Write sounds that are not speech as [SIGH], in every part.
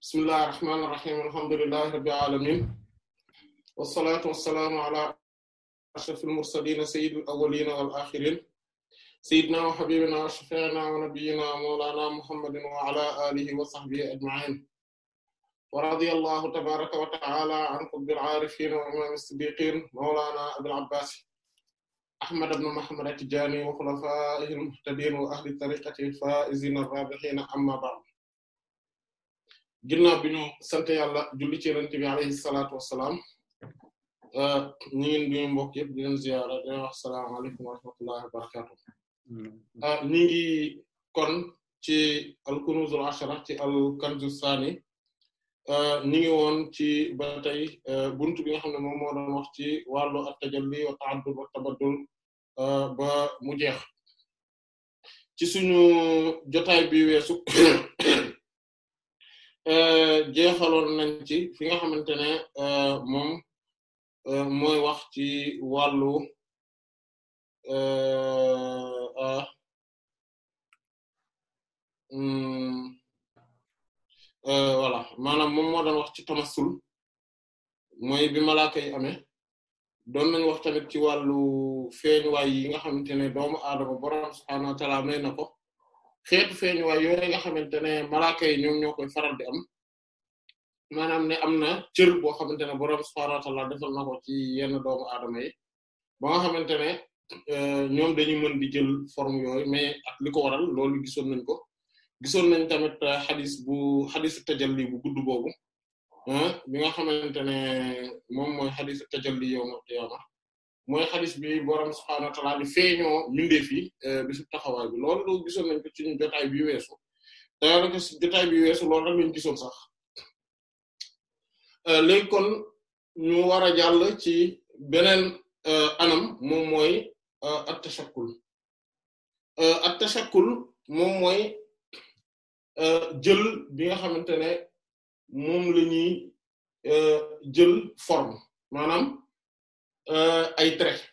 bismillahi rahmaani rahiim alhamdulillahi rabbil aalamiin wassalaatu wassalaamu ala ashrafil mursaliin sayyidil awwaliin wal aaxiriin sayyidinaa wa habiibinaa wa shafii'inaa wa nabiyyinaa mawlaanaa muhammadin wa ala aalihi wa sahbihi ajma'iin wa radiyallahu tabaaraka wa ta'aalaa an qutbil aarifiin wa imaamil siddiqiin mawlaanaa abil abbaas Ahmad ibn Muhammad at-Tijaani wa xulafaa'ihil muhtadiin wa ahli tariiqatihi al-faa'iziina ar-raabihiin amma ba'd ginnaaw bi ñu sant yàlla julli ci yonent bi alayhi salaatu wassalaam euh, ñu ngi nuyu mbokk ziyaara di leen wa rahmatullahi wa barakaatu mm-hmm. euh, ñu kon ci al kunuzul ashara ci al kanzu saani euh, ñu ngi ci ba tey buntu bi nga xam ne moom moo ci wàllu at-tajalli wa ta'addud wa tabaddul ba mu jeex ci suñu jotaay bi weesu [COUGHS] Euh, jeexaloon nañ ci fi nga xamante ne euh, moom euh, mooy wax ci wàllu ah, hmm, voilà maanaam moom moo doon wax ci tamasul mooy bi malaaka yi amee nañ wax tamit ci wàllu feeñuwaay yi nga xamante ne doomu aadama borom subhaanahu wa na ko. xeetu feeñu waay yooyu nga xamante ne malaaka yi ñoom ñoo koy faral di am maanaam ne am na cër boo xamante ne borom subhaanahu wa ta'aala defal na ko ci yenn doomu aadama yi ba nga xamante ne euh, ñoom dañuy mën di jël forme yooyu mais ak li ko waral loolu gisoon nañ ko gisoon nañ tamit xadis bu xadisu tajalli bu gudd boobu ah, bi nga xamante ne moom mooy xadisu tajalli yawmal qiyaama mooy xadis bi borom subhaanahu wa ta'aala feeñoo mindeef yi eh, bisu taxawaay bi loolu loolu gisoon nañ ko ci jotaay bi weesu daanaka jotaay bi weesu gisoon sax eh, léegi kon ñu war a jàll ci beneen eh, anam moom mooy at-tashakkul moom mooy jël bi nga xamante ne moom la ñuy jël forme maanaam. Euh, ay traits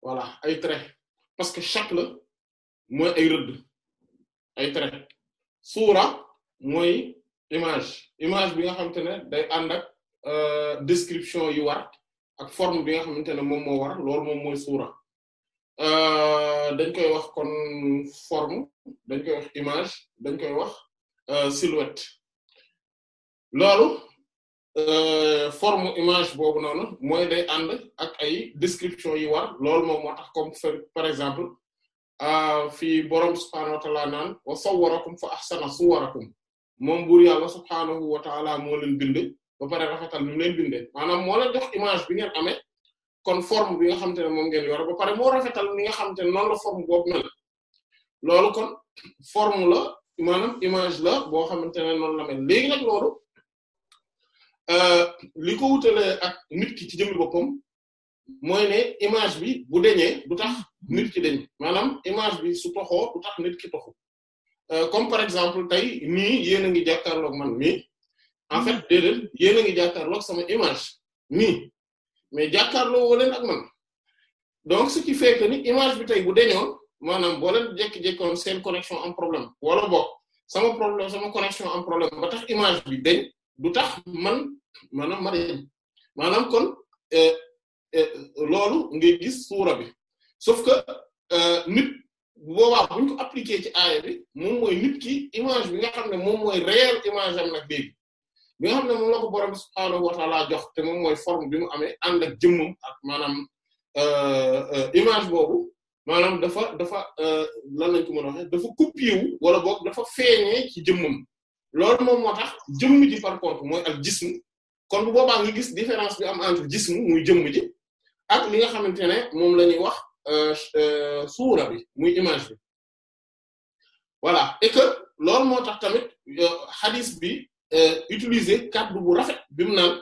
voilà ay traits parce que chaque la mooy ay rëdd ay traits suura mooy image image bi nga xamante ne day ànd ak euh, description yu war ak forme bi nga xamante ne moom moo war loolu moom mooy suura euh, dañ koy wax kon forme dañ koy wax image dañ koy wax silhouette loolu Euh, forme image boobu noonu mooy day ànd ak ay description yi war loolu moom moo tax comme par exemple fii borom subhaanahu wa ta'ala naan wa sawwarakum fa ahsana suwarakum moom buur yàlla subhaanahu wa ta'ala moo leen bind ba pare rafetal ni leen bindee maanaam moo leen jox image bi ngeen amee kon forme bi nga xamante ne moom ngeen yor ba pare moo rafetal ni nga xamante ne noonu la forme boobu mel loolu kon forme la maanaam image la boo xamante ne noonu la mel loolu. Euh, li ko wutale ak nit ki ci jëmmi boppam mooy ne image bi bu deñee bu tax nit ki deñ maanaam image bi su toxoo du tax nit ki toxu euh, comme par exemple tey nii yéen a ngi jàkkaarloog man nii en fait déedéet yéen a ngi jàkkaarloog sama image ni mais jàkkaarloo woo leen ak man donc ce ni image bi tey bu deñoon maanaam boo leen jékki-jékkoon seen connexion am problème wala boog sama problème sama connexion am problème ba tax image bi deñ du tax man maanaam Maryam maanaam kon e, e, loolu ngay gis suura bi sauf que e, nit bu boobaa bu ko appliquer ci aaya bi moom mooy nit ki image bi nga xam ne moom mooy réel image am nag léegi bi nga xam ne moom la wa ta'ala jox te moom mooy forme bi mu amee ànd ak jëmmam maanaam image boobu maanaam dafa dafa lan lañ ko mën a waxee dafa copier wala boog dafa feeñee ci jëmmam. loolu moom moo tax jëmm ji par contre mooy ak jism kon bu boobaa nga gis différence bi am entre jism muy jëmm ji ak li nga xamante ne moom la ñuy wax euh, euh, suura bi muy image bi voilà et que moo tax tamit euh, hadith bi utiliser kaddu bu rafet bim mu naan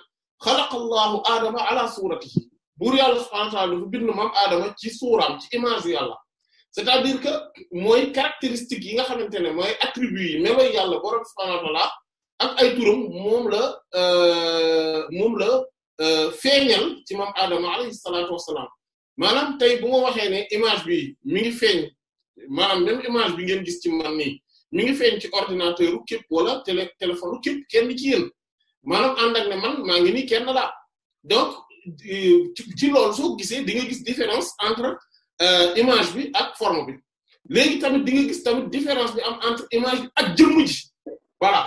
xalaqallahu aadama ala suuratihi buur yàlla subhaanahu wa ta'aala dafa bind maam ci suuraam ci image yàlla c'est-à-dire que mooy caractéristiques yi nga xamante ne mooy attributs yi melo yàlla borom subhaanahu wa ta'aala ak ay turam moom la euh, moom la euh, feeñal ci moom Adama alayhi salaatu wassalaam maanaam tey bu ma waxee ne image bi mi ngi feeñ maanaam même image bi ngeen gis ci man nii mi ngi feeñ ci ordinateur u képp wala télé téléphone u képp kenn ci yéen maanaam ànd ne man maa ngi nii kenn laa donc euh, ci lool soo gisee di nga gis différence entre Euh, image bi ak forme bi léegi tamit di nga gis tamit différence bi am entre image bi ak jëmm ji voilà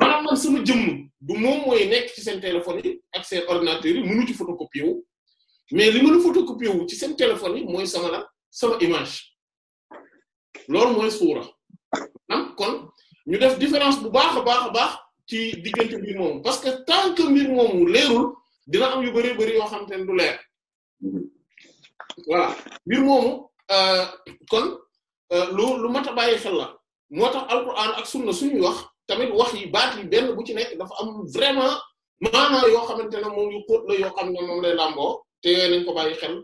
maanaam man sama jëmm du moom mooy nekk ci seen téléphone yi ak seen ordinateur yi mënu ci photocopier wu mais li mënu photocopier wu ci seen téléphone yi mooy sama la sama image loolu mooy suura am ah, kon ñu def différence bu baax a baax a baax ci diggante bi moom parce que tant que mbir moomu leerul dina am yu bari bari yoo xam te ne du leer voilà mbir moomu euh, kon euh, lu lu mat a bàyyi xel la moo tax alquran ak na suñuy wax tamit wax yi baat yi benn bu ci nekk dafa am vraiment maanaa yoo xamante ne moom yu xóot la yoo xam ne moom lay làmboo te yooyu nañ ko bàyyi xel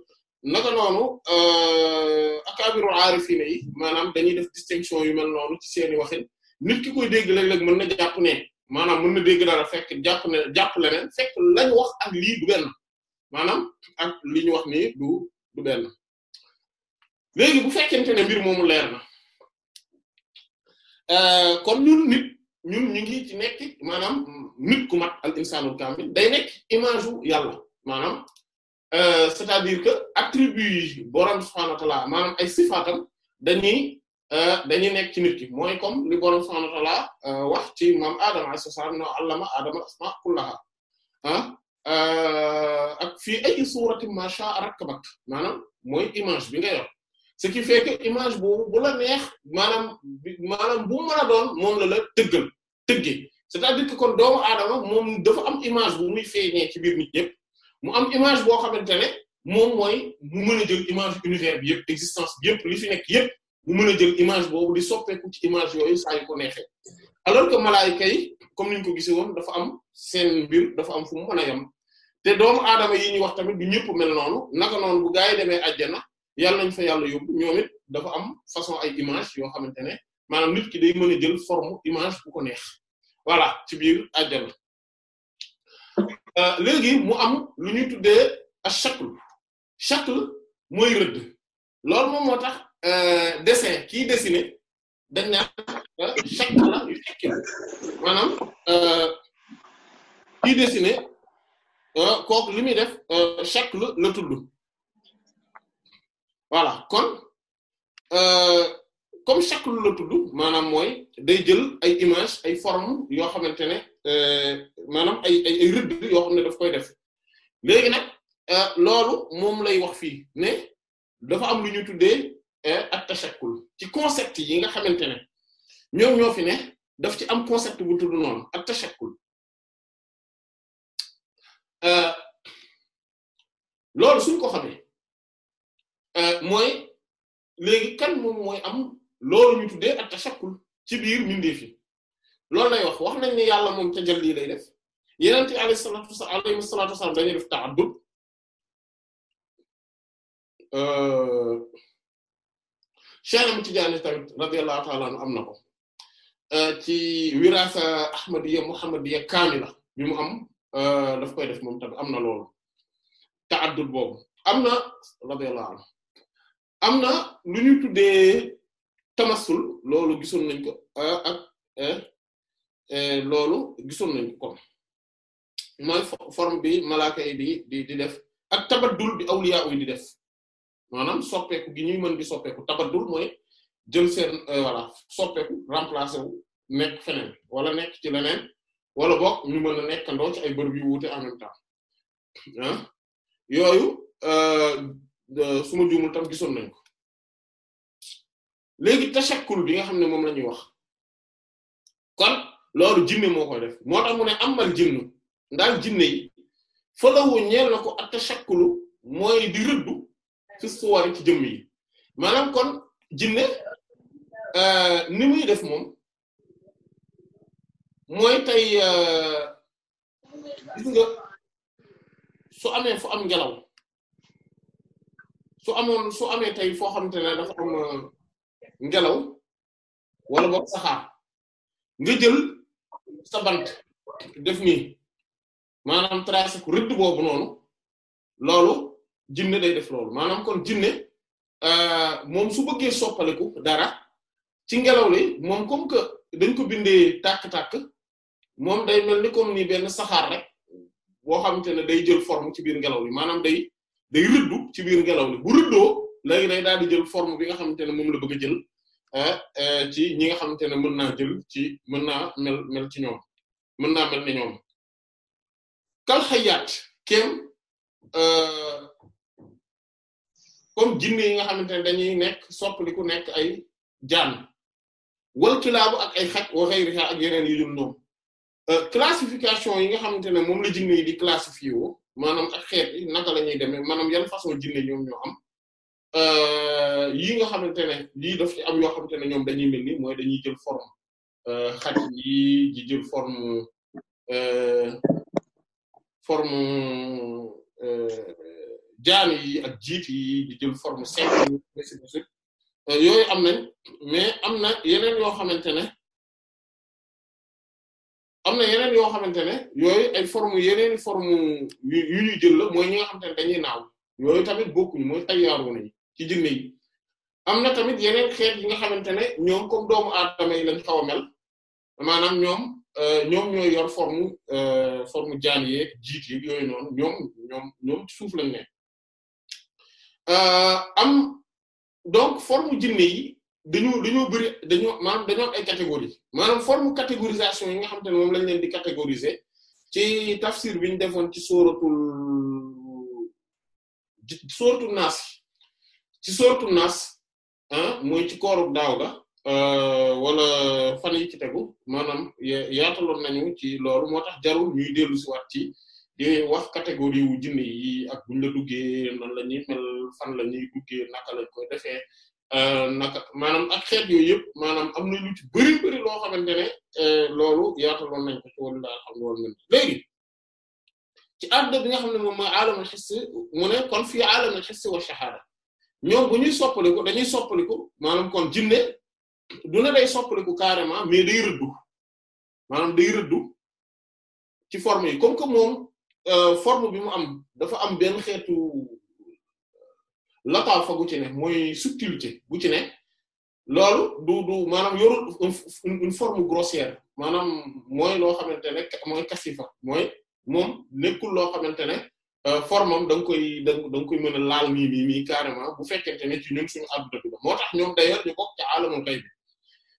naka noonu euh, akaabiru aarifiina yi maanaam dañuy def distinction yu mel noonu ci seeni waxin nit ki koy dégg léeg-léeg mën na jàpp ne maanaam mën na dégg a fekk jàpp ne jàpp leneen fekk lañ wax ak lii du benn maanaam ak li wax mi du du benn léegi bu fekkente mbir moomu leer na euh, kon ñun nit ñun ñu ngi ci nekk maanaam nit ku mat al insanul kamil day nekk image wu yàlla maanaam euh, c'est-à-dire que attribut yi borom subhanahu ay sifaatam dañuy euh, dañuy nekk ci nit ki mooy comme li borom subhanahu wax ci maam Adama alayhi salaam no allama Adama asma kullaha ah. Euh, ak fii ay surati macha rakkabak maanaam mooy image bi nga yor ce qui fait image boobu bu la neex maanaam maanaam bu mën a doon moom la la tëggal tëggee c'est-à-dire kon doomu aadama moom dafa am image bu muy feeñee ci biir nit ñëpp mu am image boo xamante ne moom mooy mu mën a jël image univers bi yëpp existence bi yëpp li fi nekk yëpp mu mën a jël image boobu di soppeeku ci image yooyu saa yu ko alors que malaayika yi comme ñu ko gisee woon dafa am seen mbir dafa am fu mu mën a yem te doomu aadama yi ñuy wax tamit du ñëpp mel noonu naka noonu bu gaa yi demee àjjana yàlla nañ fa yàlla yóbbu ñoomit dafa am façon ay image yoo xamante ne maanaam nit ki day mën a jël forme image bu ko neex voilà ci biir àjjana euh, léegi mu am lu ñuy tuddee a shakl shakl mooy rëdd loolu moom moo tax euh, dessin kii dessiné dañ naan chaque anam yu tekki maanaam euh, kii dessiné muy def euh, chaque la la tudd voilà kon euh, comme chaque la tudd maanaam mooy day jël ay image ay forme yoo xamante ne maanaam ay ay ay rëdd yoo xam ne daf koy def léegi nag loolu moom lay wax fii ne dafa am lu ñu tuddee ak tashakkul ci concept yi nga xamante ne. ñoom ñoo ne daf ci am concept bu tudd noonu ak tashakkul euh, loolu suñ ko xamee euh, mooy léegi kan moom mooy am loolu ñu tuddee ak tashakkul ci biir mbindeef yi loolu lay wax wax nañ ne yàlla moom tajalli lay def yeneen ci alayhi salaatu wasalaam alayhi salaatu wasalaam dañuy def ta'addud euh, Cheikh Ahmed Tidiane tamit radiyallahu ta'ala am na ko. Euh, ci wirasa ahmadiyya muhammadiyya kaamila bi mu am euh, daf koy def moom am na loolu ta'addud boobu am na radiyallahu am na lu ñuy tuddee tamasul loolu gisoon nañ ko euh, ak loolu gisoon nañ ko comme mooy forme bi malaaka yi di di def ak tabaddul bi awliya yi di def maanaam soppeeku gi ñuy mën di soppeeku tabaddul mooy jël seen voilà soppeeku remplacer wu nekk feneen wala nekk ci leneen wala boog ñu mën a nekkandoo ci ay bërëb yu wuute en même temps ah yooyu euh, su ma tam gisoon nañu léegi léegi tashakkul bi nga xam ne moom lañuy wax kon loolu jinne moo koy def moo tax mu ne amal jinnu ndaal jinne yi fa lawu ñeel na ko ak tashakkulu mooy di rëddu fi suwari ci jëmm yi maanaam kon jinne euh, ni muy def moom mooy tey euh, gis nga su amee fu am ngelaw su amoon su amee tey foo xamante ne dafa am euh, ngelaw wala boog saxaar nga jël sabant def nii maanaam tracé ko rëdd boobu noonu loolu jinne day def loolu maanaam kon jinne euh, moom su bëggee soppaliku dara ci ngelaw li moom comme que dañ ko bindee tàkk-tàkk. moom day mel ni comme ni benn saxaar rek boo xam ne day jël forme ci biir ngelaw li maanaam day day rëddu ci biir ngelaw li bu rëddoo léegi day daal di jël forme bi nga xamante ne moom la bëgg a jël eh, eh, ci ñi nga xamante ne mën naa jël ci mën naa mel mel ci ñoom mën naa mel ne ñoom kal xayaat kem eh, comme jinne yi nga xamante ne dañuy nekk soppali ku nekk ay jaan wal kilaabu ak ay xaj wa xayriha ak yeneen yu dul Euh, classification yi nga xamante ne moom la jinne yi di classifié woo maanaam ak xeet yi naka la ñuy demee maanaam yan façon jinne ñoom ñoo am euh, yi nga xamante ne lii daf ci am yoo xamante ne ñoom dañuy mel ni mooy dañuy jël forme euh, xaj yi di jël forme forme jaan yi ak jiit yi jël forme simple yooyu am nañ mais am na yeneen yoo xamante ne am na yeneen yoo xamante ne yooyu ay forme yeneen forme yu ñuy jël la mooy ñi nga xamante ne dañuy naaw yooyu tamit bokkuñu mooy ay yaaru nañu ci jinne yi am na tamit yeneen xeet yi nga xamante ne ñoom comme doomu aadama yi lañ xaw a mel maanaam ñoom euh, ñoom ñooy yor formu euh, forme jaan yeeg jiit yi yooyu ñoom suuf lañ ne euh, am donc forme jinne yi dañoo dañoo bëri dañoo maam dañoo am ay catégories maanaam forme catégorisation yi nga xam te ne moom lañ leen di catégoriser ci tafsir bi ñu defoon ci sóoratul sóoratul naas ci sóoratul ah mooy ci kooru daaw ga euh, wala fan yi ci tegu maanaam yaataloon nañu ci loolu moo tax jarul ñuy dellu si waat ci di wax catégorie wu jinne yi ak buñ la duggee nan la ñuy mel fan la ñuy duggee naka lañ koy defee Euh, naka maanaam ak xeet yooyu yëpp maanaam am na lu ci bëri bëri loo xamante ne euh, loolu yaataloon nañ ko ci wàllu daal xam nga wàllu mbir léegi ci bi nga xam ne moom mooy aalamul xissi mu ne kon fii aalamul xissi wa shahada ñoom bu ñuy soppaliku dañuy soppaliku maanaam kon jinne du ne day soppaliku carrément mais day rëddu maanaam day rëddu ci forme yi comme que moom euh, forme bi mu am dafa am benn xeetu. lataal fa gu ci ne mooy subtilité bu ci ne loolu du du maanaam yorul une forme grossière maanaam mooy loo xamante ne mooy kasifa mooy moom nekkul loo xamante ne euh, forme am da nga koy da nga koy mën a laal nii nii nii carrément bu fekkente ne ci ñun suñu adduna bi la moo tax ñoom d'ailleurs ñu bokk ci alamul xayb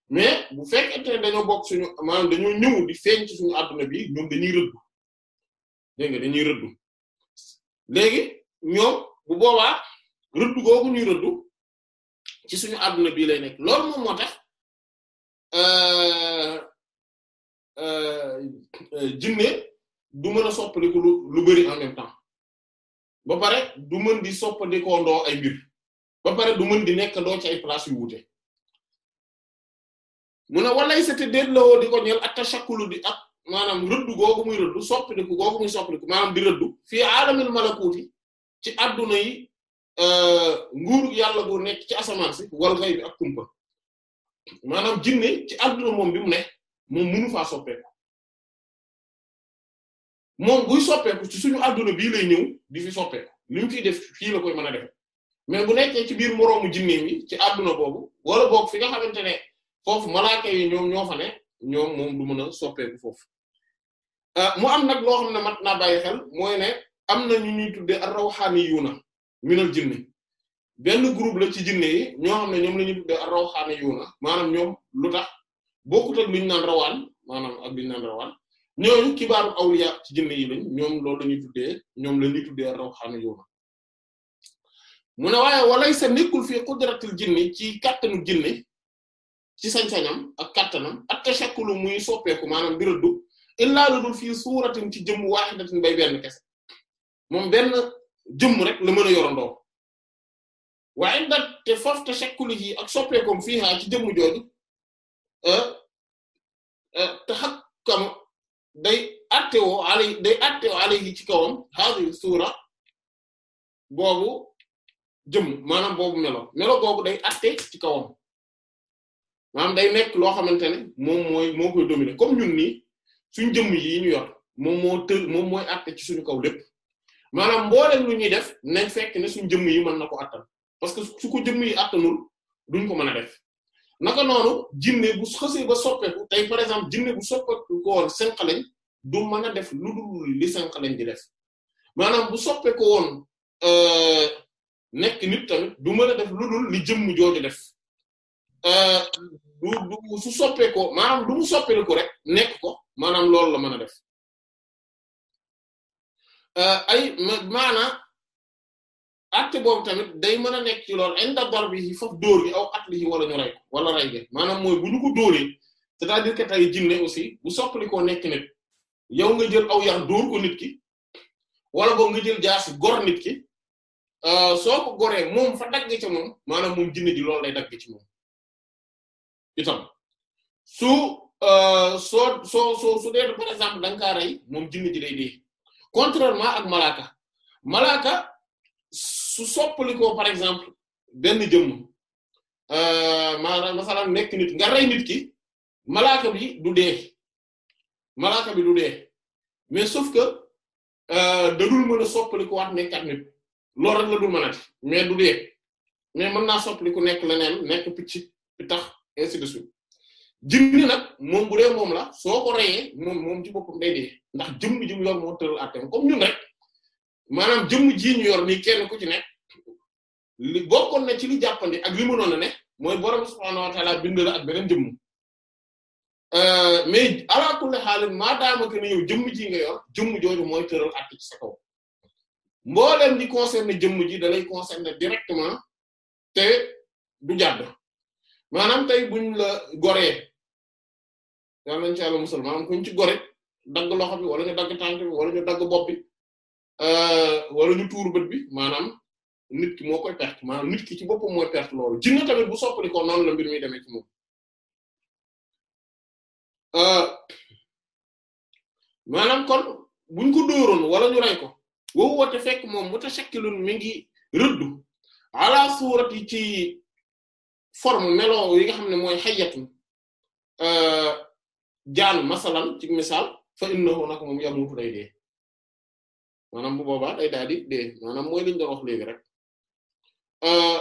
mais bu fekkente ne bokk suñu maanaam dañoo ñëw di feeñ ci suñu adduna bi ñoom dañuy rëddu dégg dañuy rëddu léegi ñoom bu boobaa. rëdd googu ñuy rëdd ci suñu adduna bii lay nekk loolu moom moo tax euh, euh, jinne du mën a soppaliku lu lu bari en même temps ba pare du mën di soppandikoo ndoo ay mbir ba pare du mën di nekk ndoo ci ay place yu wuute mu ne walay sete déet lawoo di ko ñel ak tashakkulu di ak maanaam rëdd googu muy rëdd soppaliku googu muy soppaliku maanaam di rëdd fii aalamil malakuuti ci adduna yi Euh, nguur yàlla bu nekk ci asamaan si wal xëy bi ak kumpa maanaam jinne ci àdduna moom bi mu ne moom mënu faa soppeeku moom buy soppeeku ci suñu àdduna bii lay ñëw di fi soppeeku li mu def fii la koy mën a def mais bu nekkee ci biir moroomu jinne mi ci àdduna boobu wala boog fi nga xamante ne foofu malaaka yi ñoom ñoo fa ne ñoom moom du mën a soppeeku foofu euh, mu am nag loo xam ne mat naa bàyyi xel mooy ne am na ñu ñuy tuddee ar-rawhaniyuna minal jinne benn group la ci jinne yi ñoo xam ne ñoom la ñu tudde rawxaane yuuna maanaam ñoom lu tax bokkut ak li ñu naan rawaan maanaam ak li ñu naan rawaan ñooñu kibaaru awliya ci jinne yi lañ ñoom loolu la ñuy tuddee ñoom la ñuy tuddee rawxaane yuuna mu ne waaye walay sa nekkul fii qudratul jinni ci kàttanu jinne ci sañ-sañam ak kàttanam ak tashakkulu muy soppeeku maanaam di rëddu illaa lu dul fii suuratin ci jëmm waahidatin bay benn kese moom benn jëmm rek la mën a yorondoo waaye nag te foofu te shakkuli yi ak soppeekoom fii ha ci jëmm jooju euh, euh, te xakkam day attewoo alay day attewoo alay yi ci kawam haadi suura boobu jëmm maanaam boobu melo melo boobu day atte ci kawam maanaam day nekk loo xamante ne moom mooy moo koy dominer ñun nii suñ jëmm yi ñu yor moom moo tër moom mooy atte ci suñu kaw lépp maanaam mboolem lu ñuy def nañ fekk ne suñ jëmm yi mën na ko attan parce que su ko jëmm yi attanul duñ ko mën a def naka noonu jinne bu xësee ba soppeeku tey par exemple jinne bu soppeeku ko woon sànqaleñ du mën a def lu dul li sànqaleñ di def maanaam bu soppeeku woon euh, nekk nit tamit du mën a def lu dul li jëmm jooju def. Euh, du du su soppeekoo maanaam du mu soppeeku rek nekk ko maanaam loolu la mën a def Euh, ay maanaam acte boobu tamit day mën a nekk ci loolu inda darbihi foofu dóor gi aw at lii wala ñu rey ko wala rey gi maanaam mooy bu ñu ko dóoree c'est-à-dire que tey jinne aussi bu soppali nekk nit yow nga jël aw yax dóor ko nit ki wala boog nga jël jaasi gor nit ki euh, soo ko goree moom fa dagg ci moom maanaam moom jinne ji loolu lay dakk ci moom itam su euh, soo soo soo su dee par exemple da rey moom jinne ji day dee. contrairement ak malaaka malaaka su soppalikoo par exemple benn jëmm euh, maanaam masalan nekk nit nga rey nit ki malaaka bi du dee malaaka bi du dee mais sauf que euh, da dul mën a soppalikuwaat nekkat nit loolu rek la dul mënati mais du dee mais mën naa soppaliku nekk leneen nekk picc pi tax ainsi de suite jinni nag moom bu dee moom la soo ko reyee moom moom ci boppam day dee ndax jëmm ji mu yor moo tëral àtteem comme ñun rek maanaam jëmm ji ñu yor nii kenn ku ci nekk bokkoon na ci li ak li mënoon a ne ak beneen jëmm euh, mais ala kulli haal maadaama que ne yow ji nga yor jëmm jooju mooy tëral àtte sa kaw mbooleem di concerné jëmm ji da lay concerné directement te du jàdd maanaam tey buñ la goree. yàlla nañu ci yàlla ci gore dagg loxo bi wala ñu dagg tànk wala ñu dagg bopp bi euh, wala ñu bi maanaam nit ki moo ci boppam mooy perte loolu jinne tamit ci moom euh, maanaam kon buñ ko dóoroon wala ñu rey ko woowu wate fekk moom mutashakkilun mi ngi rëddu ala suurati ci forme melo yi nga xam ne mooy xayyatun euh, jaan masalan ci misaal fa innahu nag moom yamutu day dee maanaam bu boobaa day daal di dee maanaam mooy liñ wax léegi rek euh,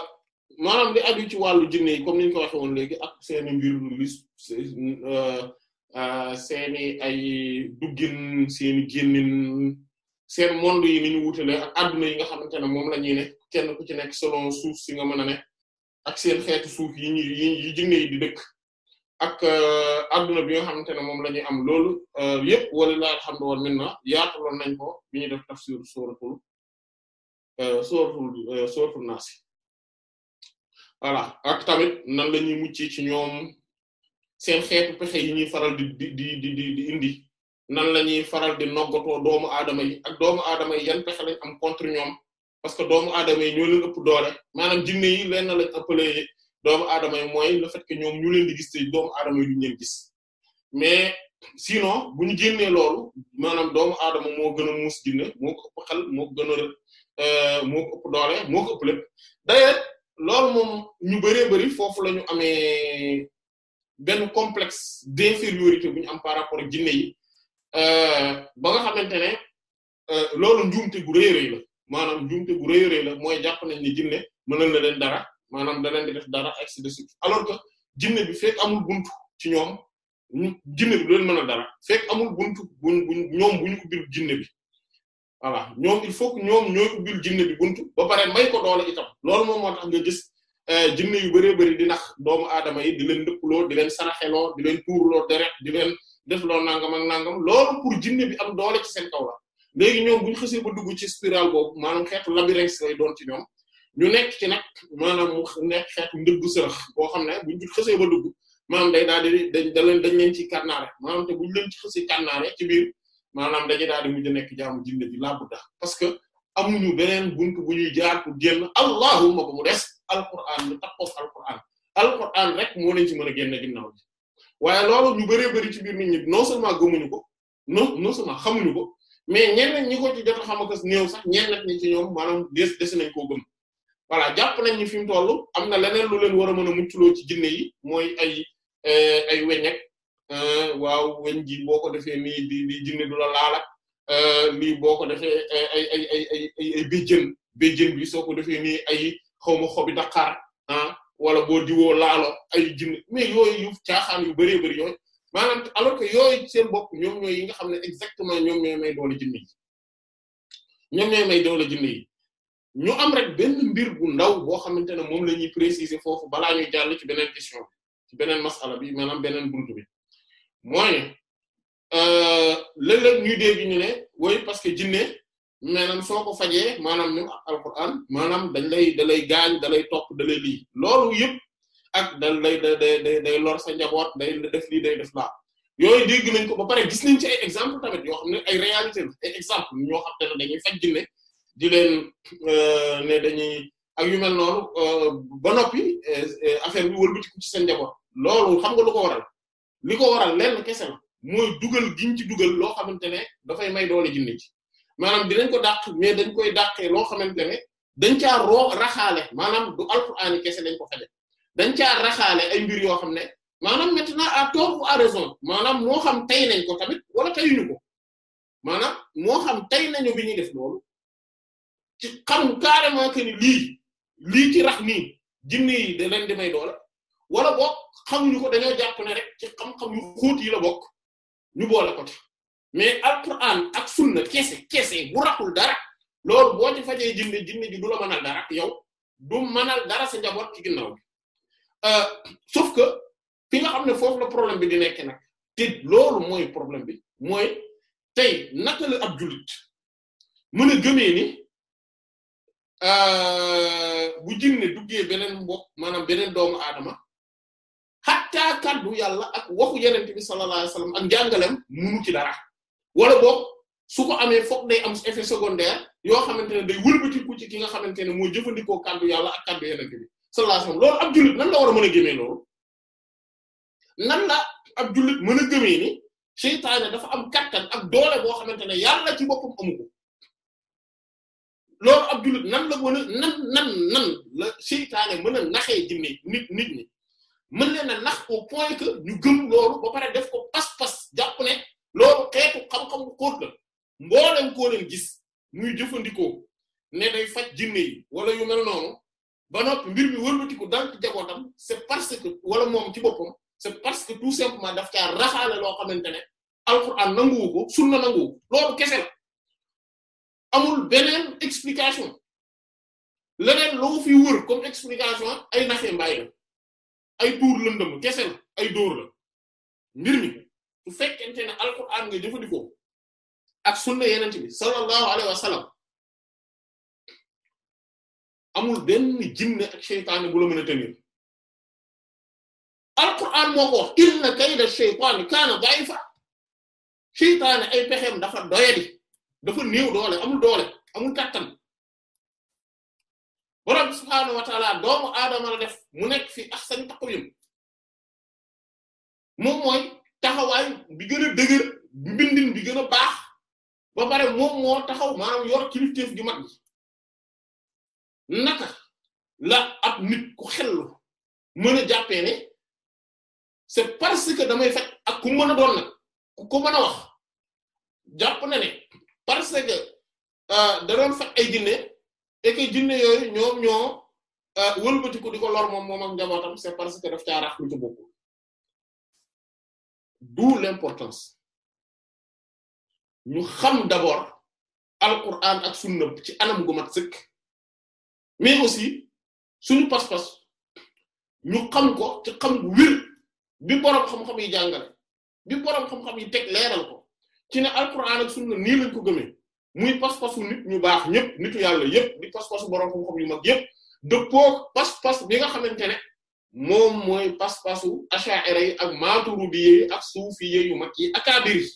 maanaam li aju ci wàllu jinne yi comme niñ ko waxe woon léegi ak seeni mbir lis euh, euh, seeni ay duggin seeni génnin seen monde yi ni ñu wutale ak adduna yi nga xamante ne moom la ñuy ne kenn ku ci nekk selon suuf si nga mën a ne ak seen xeetu suuf yi ñuy yi di dëkk ak euh, adduna bi nga xamante ne moom la ñuy am loolu euh, yëpp walilah alhamdu wal minna yaataloon nañ ko bi ñuy def tafsir suratul euh, suratul suratul naas voilà ak tamit nan la ñuy mucc ci ñoom seen xeetu pexe yi ñuy faral di di di indi nan la ñuy faral di noggatoo doomu aadama yi ak doomu aadama yi yan pexe lañ am contre ñoom parce que doomu aadama yi ñoo leen ëpp doole maanaam jinne yi leen lañ appelé doomu aadama yi mooy le fait que ñoom ñu leen di gis te doomu aadama yi duñ leen gis mais sinon bu ñu génnee loolu maanaam doomu aadama moo gën a muus jinne moo ko ëpp xel moo ko gën a euh, moo ko ëpp doole moo ko ëpp lépp moom ñu bëree bari foofu la ñu amee benn complexe d'infériorité bu ñu am par rapport ak jinne yi euh, ba nga xamante ne euh, loolu njuumte gu rëy rëy la maanaam njuumte gu rëy rëy mooy jàpp nañ ne jinne mënal na leen dara maanaam da bi di def dara ainsi de suite alors que jinne bi fekk amul bunt ci ñoom ñu jinne bi dara fekk amul buntu buñ buñ ñoom bu ñu ubbil jinne bi voilà ñoom il faut que ñoom ñooy ubbil jinne bi buntu ba pare may ko doole itam loolu moom moo tax nga gis euh, jinne yu bëree bëri di nax doomu aadama yi di leen dëppaloo di leen saraxeloo di leen tuurloo deret di leen def loo nangam ak nangam loolu pour jinne bi am doole ci seen kaw la léegi ñoom bu ñu xasee ba dugg ci spirale boobu maanaam xeetu labyrinthe lay doon ci ñoom. ñu nekk ci nag maanaam mu nekk xeetu ndëggu sërëx boo xam ne buñ ci xësee ba dugg maanaam day daal di dañ dañ leen ci kànnaare maanaam te buñ leen ci xësee kànnaare ci biir maanaam dañuy daal di mujj nekk jaamu jinne ji laabu tax parce que amuñu beneen buntu bu ñuy jaar pour génn allahumma ba mu des alquran ñu taxaw alquran alquran rek moo leen ci mën a génne ginnaaw bi waaye loolu ñu bëree bëri ci biir nit ñi non seulement gëmuñu ko non non xamuñu ko mais ñenn ñi ko jot a xam ak néew sax ñenn ñi ci ñoom maanaam des des koo gëm. voilà jàpp nañ ni fi mu toll am na leneen lu leen war a mën a muccloo ci jinne mooy ay eh, ay weñ ak eh, waaw weñ ji boo ko defee nii di di jinne du la laal ak eh, lii boo ko defee ay ay ay ay ay béjjën béjjën bi soo defee nii ay xaw ma xobi daqaar ah wala boo diwoo laalo ay jinne mais yooyu yu caaxaan yu bëree bëri yooyu maanaam alors que yooyu seen bopp ñoom ñooy yi nga xam ne exactement ñoom ñooy may doole jinne yi ñoom ñu am rek benn mbir bu ndaw boo xamante ne moom la ñuy préciser foofu balaa ñuy jàll ci beneen question ci beneen masala bi maanaam beneen buntu bi mooy euh, léeg-léeg ñuy dégg ñu ne woy parce que jinne maanaam soo ko fajee maanaam ni alquran maanaam dañ lay da lay gaañ da lay topp da lay lii loolu yëpp ak da lay da day day lor sa njaboot day def lii day def laa yooyu dégg nañ ko ba pare gis nañ ci ay exemple tamit yoo xam ne ay réalité ay exemple ñoo xam te na dañuy faj jinne di leen euh, ne dañuy ak yu mel noonu euh, ba noppi euh, affaire bi wëlbatiku ci seen loolu xam nga lu ko waral li ko waral lenn kese la dugal giñ ci dugal loo xamante ne dafay may doole jinne ci maanaam dinañ ko dàq mais dañ koy dàqee loo xamante ne dañ caa roo raxaale maanaam du alxuraan kese dañ ko faje dañ caa raxaale ay mbir yoo xam ne maanaam maintenant à tort ou à raison maanaam moo xam tey nañ ko tamit wala teyuñu ko maanaam moo xam tey nañu bi ñuy def loolu ci xam carrément que ni lii lii ci rax nii jinne yi da leen di may doole wala bokk xamuñu ko dañoo jàpp ne rek ci xam-xam yu xóot yi la bokk ñu boole ko ci mais alquran ak sunna kese kese bu raxul dara loolu boo ci fajee jinne jinne ji du la mënal dara yow du mënal dara sa njaboot ci ginnaaw bi euh, sauf nga xam ne foofu problème bi di nekk nag te loolu mooy problème bi mooy tey naka la ab jullit mën a gëmee ni Euh, bu jinne duggee beneen mbokk maanaam beneen doomu aadama xattaa kaddu yàlla ak waxu yenente bi sallallahu alayhi wasallam ak njàngalem munu ci dara wala boog su ko amee foog day am effet secondaire yoo xamante ne day wëlbatiku ci ki nga xamante ne moo jëfandikoo kaddu yàlla ak kaddu yenente bi sallallahu alayhi wasallam loolu la war a mën a gëmee loolu nan la ab jullit mën a gëmee ni seytaane dafa am kattan ak doole boo xamante ne yàlla ci boppam amu loolu ab nan la mën a nan nan nan la seytaane mën a naxee jinne nit nit ñi mën leen na nax au point que ñu gëm loolu ba pare def ko pas-pas jàpp ne loolu xeetu xam-xam bu xóot la mboolem koo leen gis muy jëfandikoo ne day faj jinne yi wala yu mel noonu ba noppi mbir mi wëlbatiku dal ci jabootam c'est parce que wala moom ci boppam c'est parce que tout simplement daf caa raxaale loo xamante ne a nanguwu ko sunna nanguwu loolu kese la amul beneen explication leneen loo fi wër comme explication ay naxe mbaay la ay tuur lëndëm kese la ay dóor la mbir mi su fekkente ne alquran nga jëfandikoo ak sunna yeneen bi sallallahu alayhi wa amul benn jinne ak seytaane bu la mën a tenir alquran moo ko wax inna kayda shaytaani kaana da'ifa seytaane ay pexeem dafa doyadi dafa néew doole amul doole amul kàttan borom subhaanahu wa taala doomu aadama la def mu nekk fi ahsani taqwim moom mooy taxawaay bi gën a mbindin bi gën a baax ba pare moom moo taxaw maanaam yor kilifteef ju mag naka la ab nit ku xellu mën a jàppee ne c'est parce que damay faj ak ku mën a doon nag ku ko mën a wax jàpp na ne parce que euh, da doon faj ay jinne et que jinne yooyu ñoom ñoo euh, di ko lor moom moom ak njabootam c'est parce que daf caa rax lu ci bokkul d'où l'importance ñu xam d'abord alquran ak sunna ci anam gu mat sëkk mais aussi suñu pas-pas ñu xam ko ci xam gu bi boroom xam-xam yi jàngale bi boroom xam-xam yi teg leeral ko ci ne alquran ak sunna nii lañ ko gëmee muy pas-pasu nit ñu baax ñëpp nitu yàlla yëpp di pas-pasu borom xam-xam yu mag yëpp dëppoo pas-pas bi nga xamante ne moom mooy pas-pasu asha'ira yi ak maturidi yi ak suufiye yu mag yi akabir yi